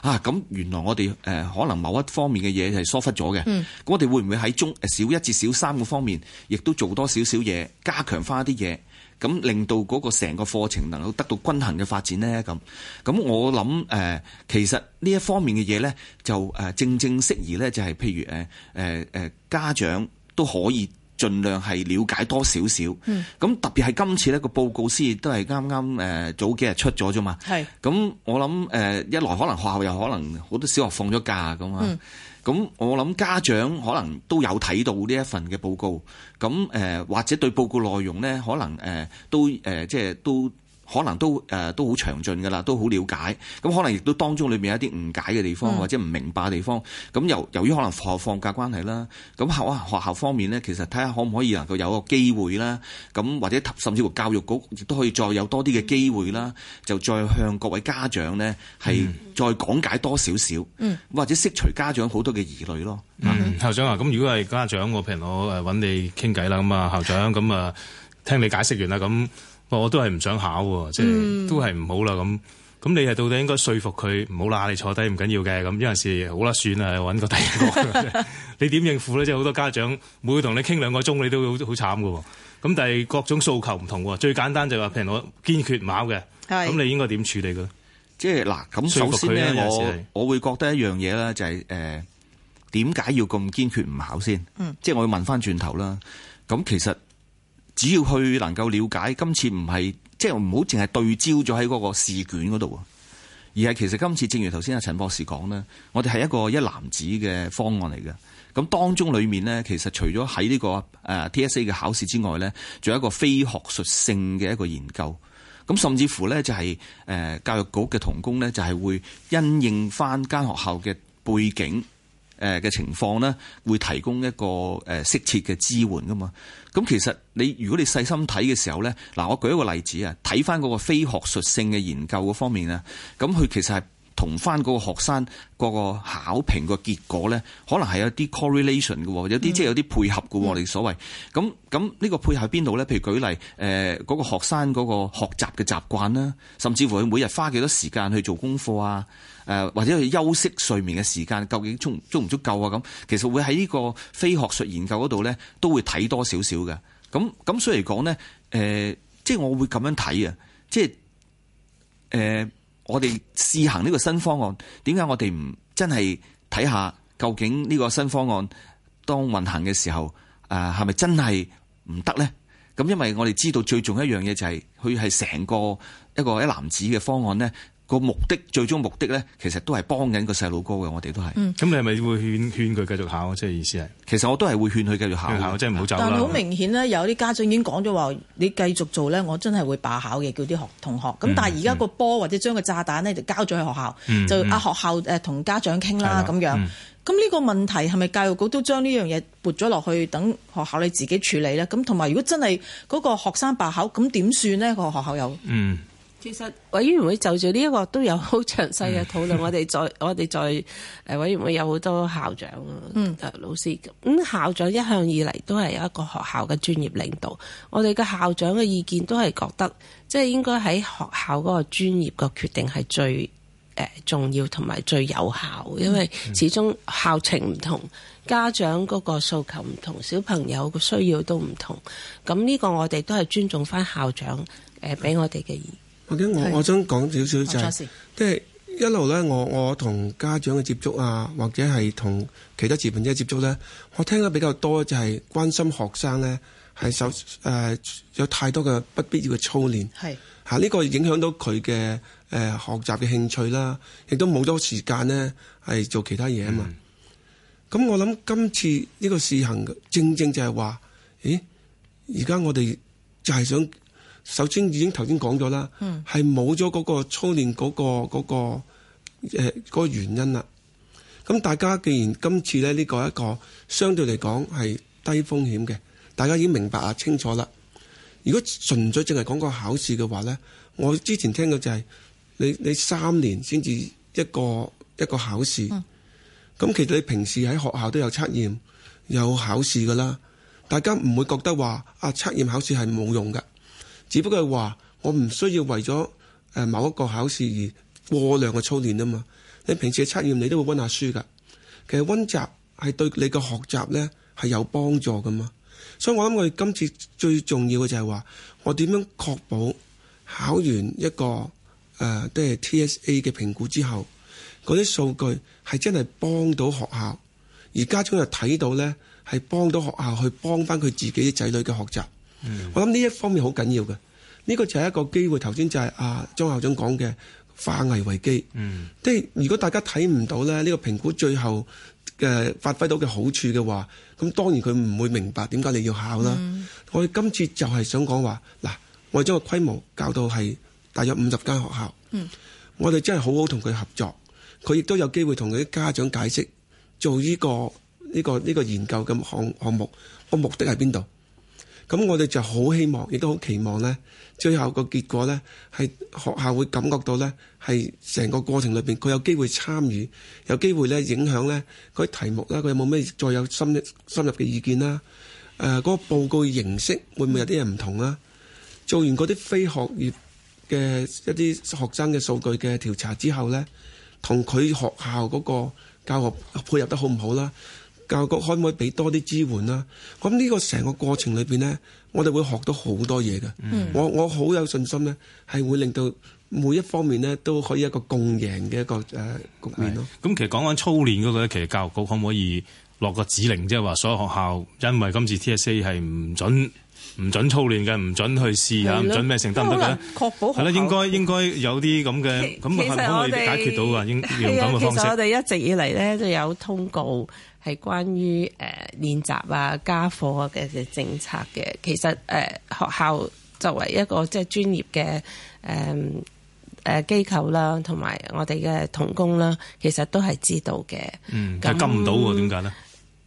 啊。咁原來我哋誒可能某一方面嘅嘢係疏忽咗嘅。嗯，我哋會唔會喺中誒小一至小三個方面，亦都做多少少嘢，加強翻一啲嘢，咁令到嗰個成個課程能夠得到均衡嘅發展咧？咁咁我諗誒、呃，其實呢一方面嘅嘢咧，就誒正正適宜咧、就係，就係譬如誒誒誒家長。都可以盡量係了解多少少，咁、嗯、特別係今次呢個報告先亦都係啱啱誒早幾日出咗啫嘛。係是，咁、嗯、我諗誒、呃、一來可能學校又可能好多小學放咗假咁啊，咁、嗯嗯、我諗家長可能都有睇到呢一份嘅報告，咁、嗯、誒、呃、或者對報告內容呢，可能誒都誒即係都。呃可能都誒、呃、都好詳盡噶啦，都好了解。咁可能亦都當中裏面有一啲誤解嘅地方，嗯、或者唔明白嘅地方。咁由由於可能學放假關係啦，咁學，學校方面呢，其實睇下可唔可以能夠有一個機會啦。咁或者甚至乎教育局亦都可以再有多啲嘅機會啦，就再向各位家長呢係再講解多少少，嗯、或者釋除家長好多嘅疑慮咯。嗯嗯、校長啊，咁如果係家長，我譬如我誒揾你傾偈啦，咁啊校長，咁啊聽你解釋完啦，咁。我都係唔想考，即、就、係、是、都係唔好啦咁。咁、嗯、你係到底應該說服佢唔好啦？你坐低唔緊要嘅，咁有陣時好啦，算啦，搵個第一個。 你點應付咧？即係好多家長每同你傾兩個鐘，你都好好慘噶。咁但係各種訴求唔同，最簡單就話、是，譬如我堅決唔考嘅，咁是你應該點處理佢咧？即係嗱，咁首先咧，我時我會覺得一樣嘢啦就係、是、誒，點、呃、解要咁堅決唔考先？嗯，即係我要問翻轉頭啦。咁其實。只要去能夠了解，今次唔係即係唔好淨係對焦咗喺嗰個試卷嗰度，而係其實今次正如頭先阿陳博士講呢，我哋係一個一籃子嘅方案嚟嘅。咁當中裏面咧，其實除咗喺呢個誒 T S A 嘅考試之外咧，仲有一個非學術性嘅一個研究。咁甚至乎咧就係誒教育局嘅同工咧，就係會因應翻間學校嘅背景。誒嘅情況呢會提供一個誒適切嘅支援噶嘛。咁其實你如果你細心睇嘅時候呢，嗱我舉一個例子啊，睇翻嗰個非學術性嘅研究嗰方面啊，咁佢其實係同翻嗰個學生嗰個考評個結果呢，可能係有啲 correlation 嘅，有啲即係有啲配合嘅，我哋、嗯、所謂。咁咁呢個配合喺邊度呢？譬如舉例誒嗰、嗰個學生嗰個學習嘅習慣啦，甚至乎佢每日花幾多時間去做功課啊。誒或者去休息睡眠嘅時間，究竟足足唔足夠啊？咁其實會喺呢個非學術研究嗰度咧，都會睇多少少嘅。咁咁所以嚟講呢，誒、呃、即係我會咁樣睇啊，即係誒、呃、我哋試行呢個新方案，點解我哋唔真係睇下究竟呢個新方案當運行嘅時候，誒係咪真係唔得呢？咁因為我哋知道最重要嘅一樣嘢就係佢係成個一個一男子嘅方案呢。個目的，最終目的咧，其實都係幫緊個細路哥嘅。我哋都係。咁你係咪會勸勸佢繼續考？即係意思係。其實我都係會勸佢繼續考。繼續考、嗯，即係唔好走啦。但係好明顯咧，有啲家長已經講咗話，你繼續做咧，我真係會罷考嘅，叫啲學同學。咁、嗯嗯、但係而家個波或者將個炸彈咧，就交咗去學校，嗯、就啊學校誒同家長傾啦咁樣。咁呢、嗯、個問題係咪教育局都將呢樣嘢撥咗落去等學校你自己處理咧？咁同埋如果真係嗰個學生罷考，咁點算咧？個學校又嗯。其實委員會就住呢一個都有好詳細嘅討論。我哋再我哋再誒委員會有好多校長啊，誒、嗯、老師咁、嗯。校長一向以嚟都係有一個學校嘅專業領導。我哋嘅校長嘅意見都係覺得，即、就、係、是、應該喺學校嗰個專業嘅決定係最誒、呃、重要同埋最有效，因為始終校情唔同，家長嗰個訴求唔同，小朋友個需要都唔同。咁呢個我哋都係尊重翻校長誒俾我哋嘅意見。或者我我想講少少就係，即係一路咧，我我同家長嘅接觸啊，或者係同其他持份者接觸咧，我聽得比較多就係關心學生咧係受誒、呃、有太多嘅不必要嘅操練，嚇呢是、啊呢個影響到佢嘅誒學習嘅興趣啦，亦都冇多時間咧係做其他嘢啊嘛。咁、嗯、我諗今次呢個試行正正就係話，咦而家我哋就係想。首先已經頭先講咗啦，係冇咗嗰個操練嗰、個嗰、個嗰、個呃嗰個、原因啦。咁大家既然今次咧呢、呢個一個相對嚟講係低風險嘅，大家已經明白，啊清楚啦。如果純粹淨係講個考試嘅話咧，我之前聽嘅就係、是、你你三年先至一個一個考試，咁、嗯、其實你平時喺學校都有測驗有考試噶啦，大家唔會覺得話啊測驗考試係冇用嘅。只不過係話，我唔需要為咗誒、呃、某一個考試而過量嘅操練啊嘛。你平時嘅測驗你都會溫下書噶，其實溫習係對你嘅學習呢係有幫助噶嘛。所以我諗我哋今次最重要嘅就係話，我點樣確保考完一個誒即、呃、係 TSA 嘅評估之後，嗰啲數據係真係幫到學校，而家長又睇到呢係幫到學校去幫翻佢自己啲仔女嘅學習。嗯、我諗呢一方面好緊要嘅，呢、這個就係一個機會。頭先就係阿張校長講嘅化危為機，即係、嗯、如果大家睇唔到咧，呢、這個評估最後嘅、呃、發揮到嘅好處嘅話，咁當然佢唔會明白點解你要考啦。嗯、我哋今次就係想講話，嗱，我哋將個規模教到係大約五十間學校，嗯、我哋真係好好同佢合作，佢亦都有機會同佢啲家長解釋做呢、這個呢、這個呢、這個研究嘅項項目個目的係邊度。咁我哋就好希望，亦都好期望呢，最後個結果呢，係學校會感覺到呢，係成個過程裏面，佢有機會參與，有機會呢，影響呢，佢啲題目啦，佢有冇咩再有深入深入嘅意見啦？誒、呃，嗰、嗰個報告形式會唔會有啲人唔同啦？做完嗰啲非學業嘅一啲學生嘅數據嘅調查之後呢，同佢學校嗰個教學配合得好唔好啦？教育局可唔可以俾多啲支援啦？咁呢個成個過程裏邊咧，我哋會學到好多嘢嘅、嗯。我我好有信心咧，係會令到每一方面咧都可以一個共贏嘅一個誒局面咯。咁其實講緊操練嗰個咧，其實教育局可唔可以落個指令，即係話所有學校因為今次 TSA 係唔準。唔准操練嘅，唔准去試下，唔的准咩成得唔得嘅確保啦。係啦，應該應該有啲咁嘅咁，係可唔可以解決到啊？應用咁嘅方式。其實我哋一直以嚟咧都有通告，係關於誒、呃、練習啊、加課嘅政策嘅。其實誒、呃、學校作為一個即係專業嘅誒誒機構啦，同埋我哋嘅同工啦，其實都係知道嘅。嗯，係禁唔到喎，點解咧？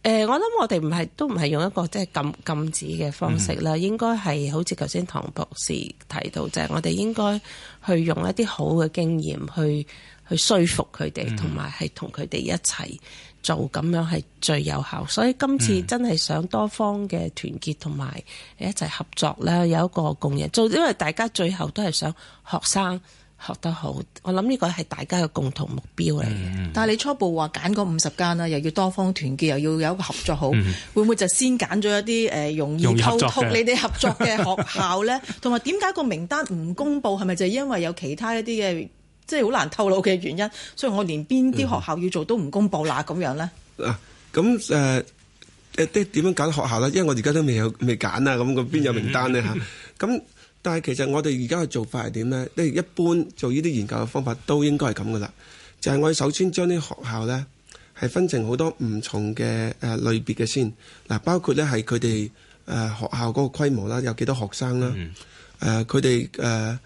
誒、呃，我諗我哋唔係都唔係用一個即係禁禁止嘅方式啦，嗯、應該係好似頭先唐博士提到，就係、是、我哋應該去用一啲好嘅經驗去去說服佢哋，同埋係同佢哋一齊做咁樣係最有效。所以今次真係想多方嘅團結同埋一齊合作啦，有一個共贏。做因為大家最後都係想學生。學得好，我諗呢個係大家嘅共同目標嚟嘅。嗯、但係你初步話揀嗰五十間啦，又要多方團結，又要有一個合作好，嗯、會唔會就先揀咗一啲誒容易溝通？你哋合作嘅學校呢？同埋點解個名單唔公布？係咪就係因為有其他一啲嘅，即係好難透露嘅原因，所以我連邊啲學校要做都唔公布啦？咁、嗯、樣呢？嗱、啊，咁誒誒，啲、呃、點樣揀學校呢？因為我而家都未有未揀啦，咁邊有名單呢？吓咁、 啊。但係其實我哋而家嘅做法係點咧？即係一般做呢啲研究嘅方法都應該係咁噶啦，就係、是、我哋首先將啲學校咧係分成好多唔同嘅誒類別嘅先。嗱，包括咧係佢哋誒學校嗰個規模啦，有幾多學生啦，誒佢哋誒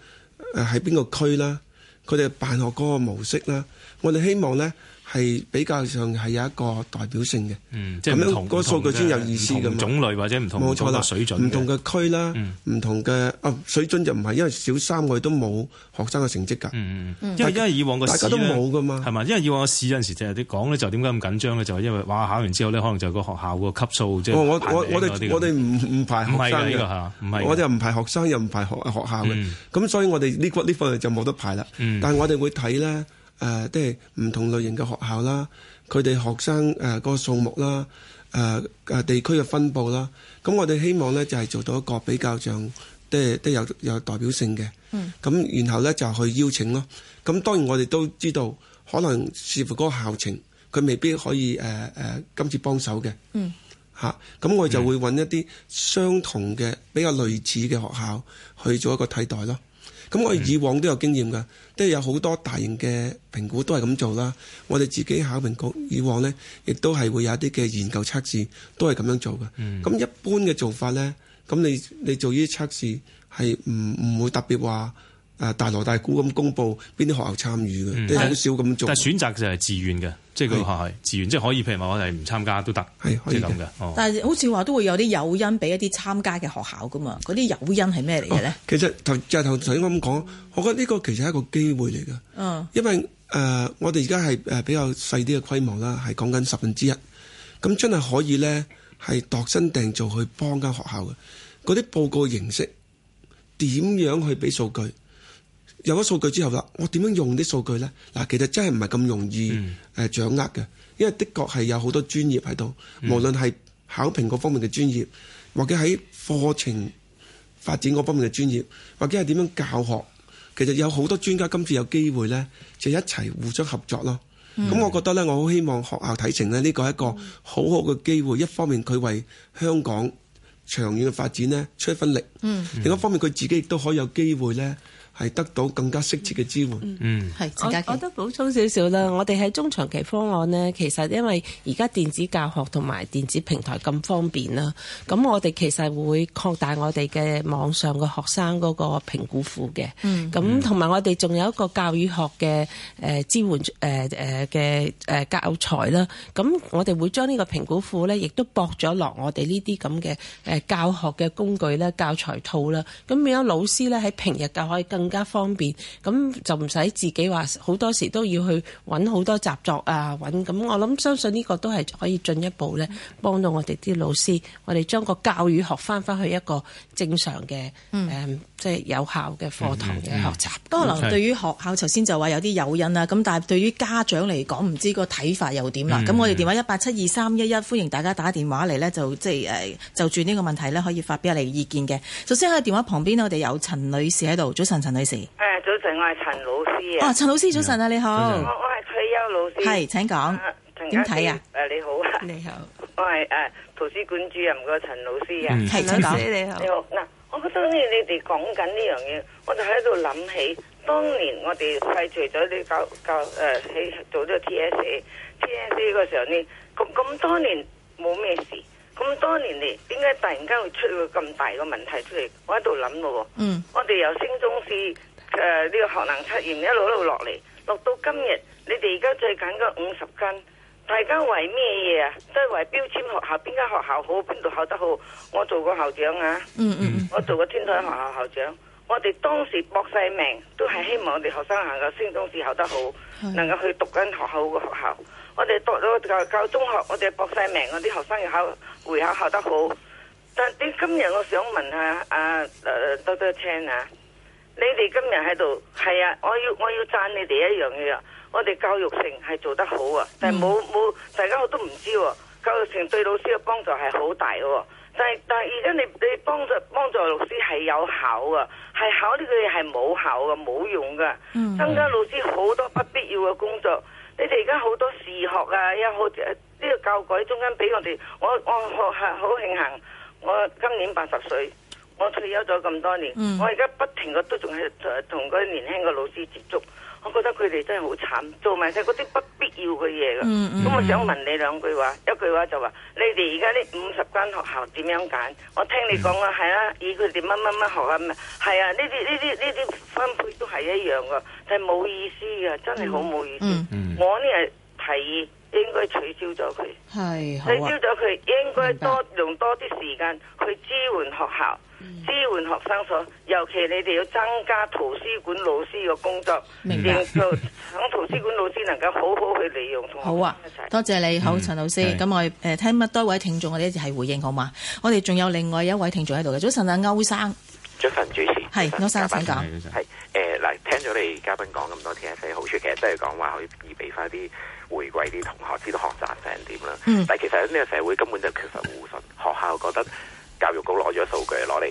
喺邊個區啦，佢哋辦學嗰個模式啦，我哋希望咧。係比較上係有一個代表性嘅，咁、嗯、樣嗰個數據先有意思噶嘛？種類或者唔同嘅水準的，唔同嘅區啦，唔、嗯、同嘅啊水準就唔係，因為小三我哋都冇學生嘅成績㗎。嗯、但因為因為以往個大家都冇㗎嘛。係嘛？因為以往我試有陣時候的就係啲講咧，就點解咁緊張咧？就係因為哇，考完之後咧，可能就有個學校個級數即、就是、我我哋我哋唔唔排學生嘅，這個、我哋又唔排學生，又唔排學學校嘅。咁、嗯、所以我哋呢個呢方就冇得排啦。嗯、但係我哋會睇咧。誒，即係唔同類型嘅學校啦，佢哋學生誒個數目啦，誒、呃、誒地區嘅分佈啦，咁我哋希望呢，就係、是、做到一個比較像，即係都有有代表性嘅。嗯。咁然後呢，就去邀請咯。咁當然我哋都知道，可能視乎嗰個校情，佢未必可以誒誒、呃呃、今次幫手嘅。嗯。嚇、啊，咁我哋就會揾一啲相同嘅比較類似嘅學校去做一個替代咯。咁我以往都有經驗㗎，即係有好多大型嘅評估都係咁做啦。我哋自己考評局以往呢亦都係會有一啲嘅研究測試，都係咁樣做嘅。咁、嗯、一般嘅做法呢，咁你你做呢啲測試係唔唔會特別話。啊！大鑼大鼓咁公布邊啲學校參與嘅，即係好、嗯、少咁做。但係選擇就係自願嘅，是即係嗰個係自願，是即係可以。譬如話，我哋唔參加都得，係可以咁嘅。哦、但係好似話都會有啲誘因俾一啲參加嘅學校噶嘛？嗰啲誘因係咩嚟嘅咧？其實頭就係頭先我咁講，我覺得呢個其實係一個機會嚟嘅，嗯、因為誒、呃、我哋而家係誒比較細啲嘅規模啦，係講緊十分之一咁，真係可以咧係度身定做去幫間學校嘅嗰啲報告形式點樣去俾數據？有咗數據之後啦，我點樣用啲數據呢？嗱，其實真係唔係咁容易誒掌握嘅，嗯、因為的確係有好多專業喺度，嗯、無論係考評嗰方面嘅專業，或者喺課程發展嗰方面嘅專業，或者係點樣教學，其實有好多專家今次有機會呢，就一齊互相合作咯。咁、嗯、我覺得呢，我好希望學校睇成呢呢、呢個係一個好好嘅機會。嗯、一方面佢為香港長遠嘅發展呢出一分力，嗯、另一方面佢自己亦都可以有機會呢。係得到更加適切嘅支援。嗯，嗯嗯我覺得補充少少啦。我哋喺中長期方案呢，其實因為而家電子教學同埋電子平台咁方便啦，咁我哋其實會擴大我哋嘅網上嘅學生嗰個評估庫嘅。咁同埋我哋仲有一個教育學嘅誒、呃、支援嘅、呃呃呃、教材啦。咁我哋會將呢個評估庫呢，亦都駁咗落我哋呢啲咁嘅教學嘅工具咧、教材套啦。咁變咗老師咧喺平日教可以更更加方便，咁就唔使自己話好多時都要去揾好多習作啊，揾咁，我諗，相信呢個都係可以進一步咧，幫到我哋啲老師，我哋將個教育學翻翻去一個正常嘅、嗯嗯、即係有效嘅課堂嘅學習。不過、嗯，嗯嗯嗯、對於學校頭先就話有啲誘因啦，咁但係對於家長嚟講，唔知個睇法又點啦。咁、嗯嗯、我哋電話一八七二三一一，歡迎大家打電話嚟咧，就即係、呃、就住呢個問題咧，可以發表下你意見嘅。首先喺電話旁邊，我哋有陳女士喺度，早晨陳。女士，誒、啊、早晨，我係陳老師啊！哇、哦，陳老師早晨啊，你好，晨我我係退休老師，係。請講，點睇啊？誒、啊啊、你好啊，你好，我係誒、啊、圖書館主任個陳老師啊，嗯、陳老師你好， 你好嗱、啊，我覺得咧你哋講緊呢樣嘢，我就喺度諗起當年我哋廢除咗呢教教誒喺做咗 TSA TSA 嗰時候呢，咁咁多年冇咩事。咁多年嚟，點解突然間會出個咁大嘅問題出嚟？我喺度諗咯，嗯、我哋由升中試誒呢個學能測驗一路一路落嚟，落到今日，你哋而家最緊嘅五十間。大家為咩嘢啊？都係為標籤學校，邊間學校好，邊度考得好？我做過校長啊，嗯嗯、我做過天台學校校長，我哋當時搏晒命，都係希望我哋學生行個升中試考得好，能夠去讀學校嘅學校。是學校我哋讀咗教教中學，我哋搏晒命，我啲學生要考會考考得好。但係今日我想問下阿誒、啊啊、多多聽啊，你哋今日喺度係啊？我要我要讚你哋一樣嘢啊！我哋教育城係做得好啊，但係冇冇大家我都唔知喎。教育城對老師嘅幫助係好大嘅，但係但係而家你你幫助幫助老師係有效啊，係考呢句係冇效嘅，冇用㗎，增加老師好多不必要嘅工作。你哋而家好多視學啊，有好呢個教改中間俾我哋，我我學好慶幸，我今年八十歲，我退休咗咁多年，嗯、我而家不停嘅都仲係同嗰啲年輕嘅老師接觸。我覺得佢哋真係好慘，做埋晒嗰啲不必要嘅嘢噶。咁、嗯嗯、我想問你兩句話，一句話就話，你哋而家呢五十間學校點樣揀？我聽你講啊，係、嗯、啊，以佢哋乜乜乜學啊，係啊，呢啲呢啲呢啲分配都係一樣噶，但係冇意思噶，真係好冇意思。嗯嗯、我呢係提議應該取消咗佢，好啊、取消咗佢應該多白用多啲時間去支援學校。嗯、支援學生所，尤其你哋要增加圖書館老師嘅工作，令到響圖書館老師能夠好好去利用同。好啊，多謝你好，嗯、陳老師。咁的我誒、呃、聽乜多位聽眾，我哋一直齊回應好嗎？我哋仲有另外一位聽眾喺度嘅。早晨啊，歐生，早晨主持。係是歐生請講。係誒，嗱，聽咗你嘉賓講咁多 T S A 好處，其實都係講話可以俾翻啲回饋啲同學知道學習成點啦。嗯、但係其實喺呢個社會根本就缺乏互信，學校覺得。教育局攞咗數據攞嚟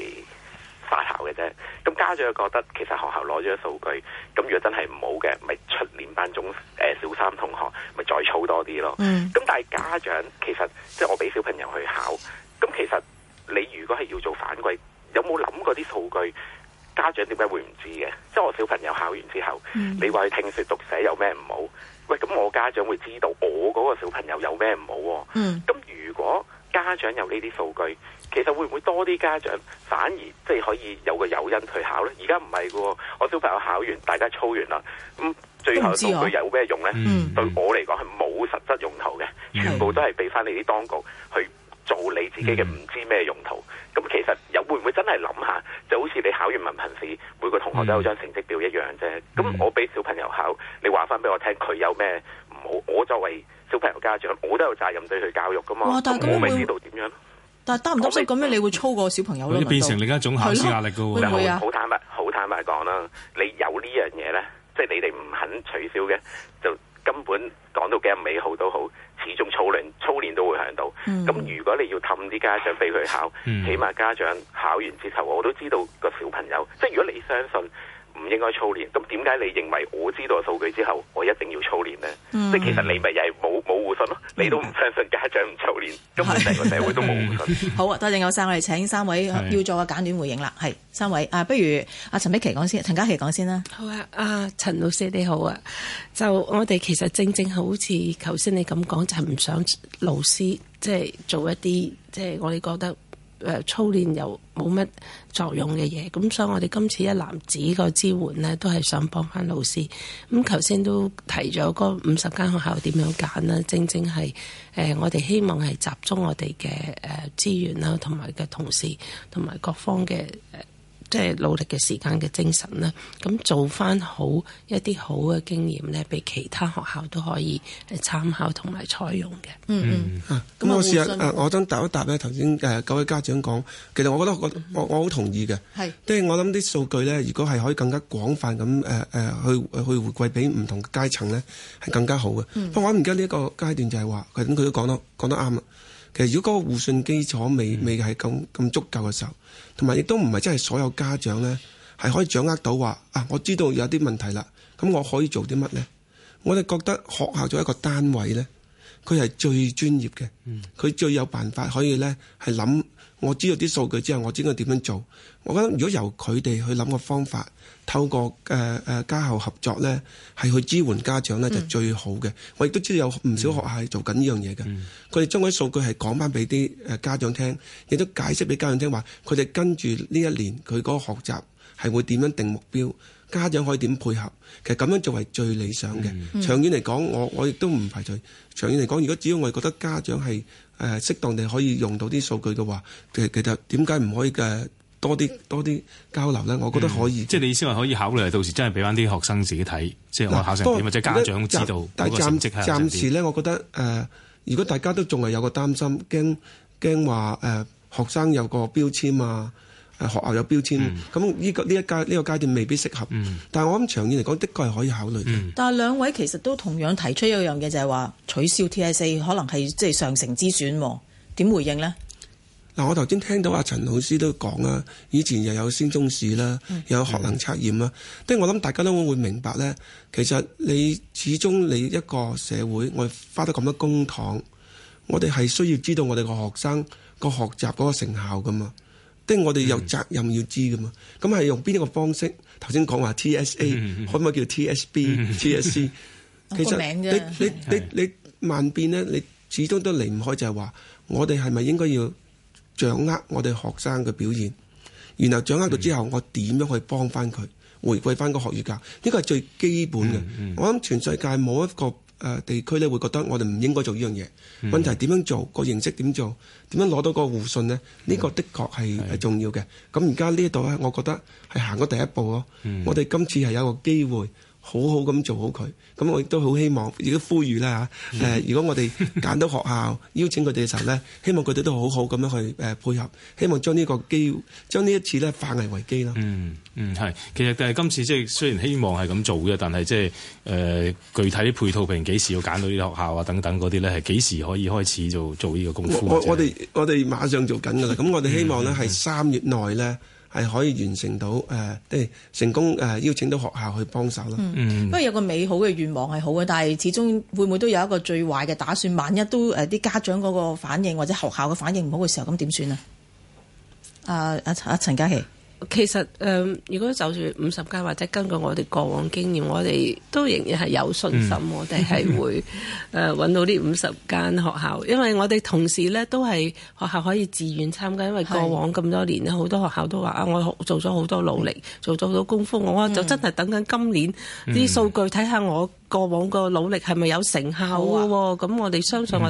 發考嘅啫，咁家長覺得其實學校攞咗數據，咁如果真係唔好嘅，咪出年班中誒、呃、小三同學咪再操多啲咯。咁、mm. 但係家長其實即係我俾小朋友去考，咁其實你如果係要做反軌，有冇諗過啲數據？家長點解會唔知嘅？即係我小朋友考完之後，mm. 你話佢聽說讀寫有咩唔好？喂，咁我家長會知道我嗰個小朋友有咩唔好？咁、mm. 如果。家長有呢啲數據，其實會唔會多啲家長反而即係、就是、可以有個誘因去考呢？而家唔係嘅，我小朋友考完，大家操完啦，咁、嗯、最後數據有咩用呢？我嗯、對我嚟講係冇實質用途嘅，是全部都係俾翻你啲當局去做你自己嘅唔知咩用途。咁、嗯、其實有會唔會真係諗下，就好似你考完文憑試，每個同學都有張成績表一樣啫。咁、嗯、我俾小朋友考，你話翻俾我聽，佢有咩唔好？我作為小朋友家長，我都有責任對佢教育噶嘛。我明知道點樣，但係得唔得？所以咁樣你會操過小朋友呢？變成另一種考試壓力噶喎。唔會啊，好坦白，好坦白講啦，你有呢樣嘢呢，即係你哋唔肯取消嘅，就根本講到幾美好都好，始終操練操練都會喺度。咁，嗯，如果你要氹啲家長俾佢考，嗯，起碼家長考完之後，我都知道個小朋友。即係如果你相信。唔應該操練，咁點解你認為我知道數據之後，我一定要操練呢？嗯、即係其實你咪又係冇冇互信咯？你都唔相信家長唔操練，咁係成個社會都冇互信。是 好啊，多謝有生，我哋請三位要做個簡短回應啦。係是三位啊，不如阿陳碧琪講先，陳嘉琪講先啦。好啊，阿、啊、陳老師你好啊，就我哋其實正正好似頭先你咁講，就係、是、唔想老師即係、就是、做一啲即係我哋覺得。誒操練又冇乜作用嘅嘢，咁所以我哋今次一攬子個支援呢，都係想幫翻老師。咁頭先都提咗個五十間學校點樣揀咧，正正係誒、呃、我哋希望係集中我哋嘅誒資源啦，同埋嘅同事同埋各方嘅誒。呃即係努力嘅時間嘅精神啦，咁做返好一啲好嘅經驗咧，俾其他學校都可以誒參考同埋採用嘅、嗯。嗯、啊、我嗯。啊，咁我試下、嗯、我想答一答咧。頭先誒九位家長講，其實我覺得我我好同意嘅。係是。即係我諗啲數據咧，如果係可以更加廣泛咁誒誒，去去回饋俾唔同階層咧，係更加好嘅。不過、嗯、我諗而家呢一個階段就係話，咁佢都講得，講得啱啊。其實如果嗰個互信基礎未、嗯、未係咁咁足夠嘅時候，同埋亦都唔係真係所有家長咧係可以掌握到話啊，我知道有啲問題啦，咁我可以做啲乜咧？我哋覺得學校做一個單位咧，佢係最專業嘅，佢、嗯、最有辦法可以咧係諗。我知道啲數據之後，我知應該點樣做。我覺得如果由佢哋去諗個方法，透過誒、呃呃、家校合作呢，係去支援家長呢，嗯、就最好嘅。我亦都知道有唔少學校係做緊呢樣嘢嘅，佢哋將嗰啲數據係講翻俾啲家長聽，亦都解釋俾家長聽話，佢哋跟住呢一年佢嗰個學習係會點樣定目標，家長可以點配合。其實咁樣做係最理想嘅。長遠嚟講，我我亦都唔排除。長遠嚟講，如果只要我覺得家長係，誒適當地可以用到啲數據嘅話，其實點解唔可以誒多啲多啲交流咧？我覺得可以。嗯、即係你意思話可以考慮到時真係俾翻啲學生自己睇，嗯、即係我考成點或者家長知道嗰個成，但暫，成暫時咧，我覺得誒、呃，如果大家都仲係有個擔心，驚驚話誒學生有個標籤啊。學校有標籤，咁呢、嗯這個呢一、這個、階呢、這個階段未必適合。嗯、但我諗長遠嚟講，的確係可以考慮。嗯、但係兩位其實都同樣提出一樣嘢，就係、是、話取消 T S C 可能係即係上乘之選，點回應呢？嗱、嗯，我頭先聽到阿陳老師都講啦，以前又有先中試啦，又有學能測驗啦。即、嗯嗯、我諗大家都會明白呢，其實你始終你一個社會，我花得咁多公帑，我哋係需要知道我哋個學生個學習嗰個成效噶嘛。即係我哋有責任要知噶嘛，咁係用邊一個方式？頭先講話 TSA，可唔可以叫 TSB、 TSC？其實你 你你你萬變咧，你始終都離唔開就係話，我哋係咪應該要掌握我哋學生嘅表現？然後掌握到之後， 我點樣去幫翻佢，回饋翻個學業教？呢個係最基本嘅。 我諗全世界冇一個。誒地區咧會覺得我哋唔應該做呢樣嘢，嗯、問題點樣做個形式點做，點樣攞到個互信咧？呢、呢個的確係係重要嘅。咁而家呢一度咧，我覺得係行咗第一步咯。嗯、我哋今次係有個機會。好好咁做好佢，咁我亦都好希望，亦都呼籲啦吓，呃，如果我哋揀到學校， 邀請佢哋嘅時候咧，希望佢哋都好好咁樣去誒配合，希望將呢個機，將呢一次咧化危為機咯，嗯。嗯嗯，係，其實但係今次即係雖然希望係咁做嘅，但係即係誒具體配套平幾時要揀到啲學校啊等等嗰啲咧，係幾時可以開始做做呢個功夫我？我哋我哋馬上做緊噶啦，咁，嗯，我哋希望咧係三月內咧。嗯嗯呢係可以完成到誒，即、呃、係成功誒，邀請到學校去幫手咯。嗯嗯，不過有個美好嘅願望係好嘅，但係始終會唔會都有一個最壞嘅打算？萬一都誒啲、呃、家長嗰個反應或者學校嘅反應唔好嘅時候，咁點算啊？阿阿阿陳嘉琪。其實誒、呃、如果走住五十間，或者根據我哋過往的經驗，我哋都仍然係有信心，嗯、我哋係會誒揾、 呃、到呢五十間學校，因為我哋同時咧都係學校可以自願參加，因為過往咁多年咧，好多學校都話啊，我做咗好多努力，嗯、做咗好多功夫，我就真係等緊今年啲數據睇下我過往個努力係咪有成效喎？咁、啊哦、我哋相信我、嗯。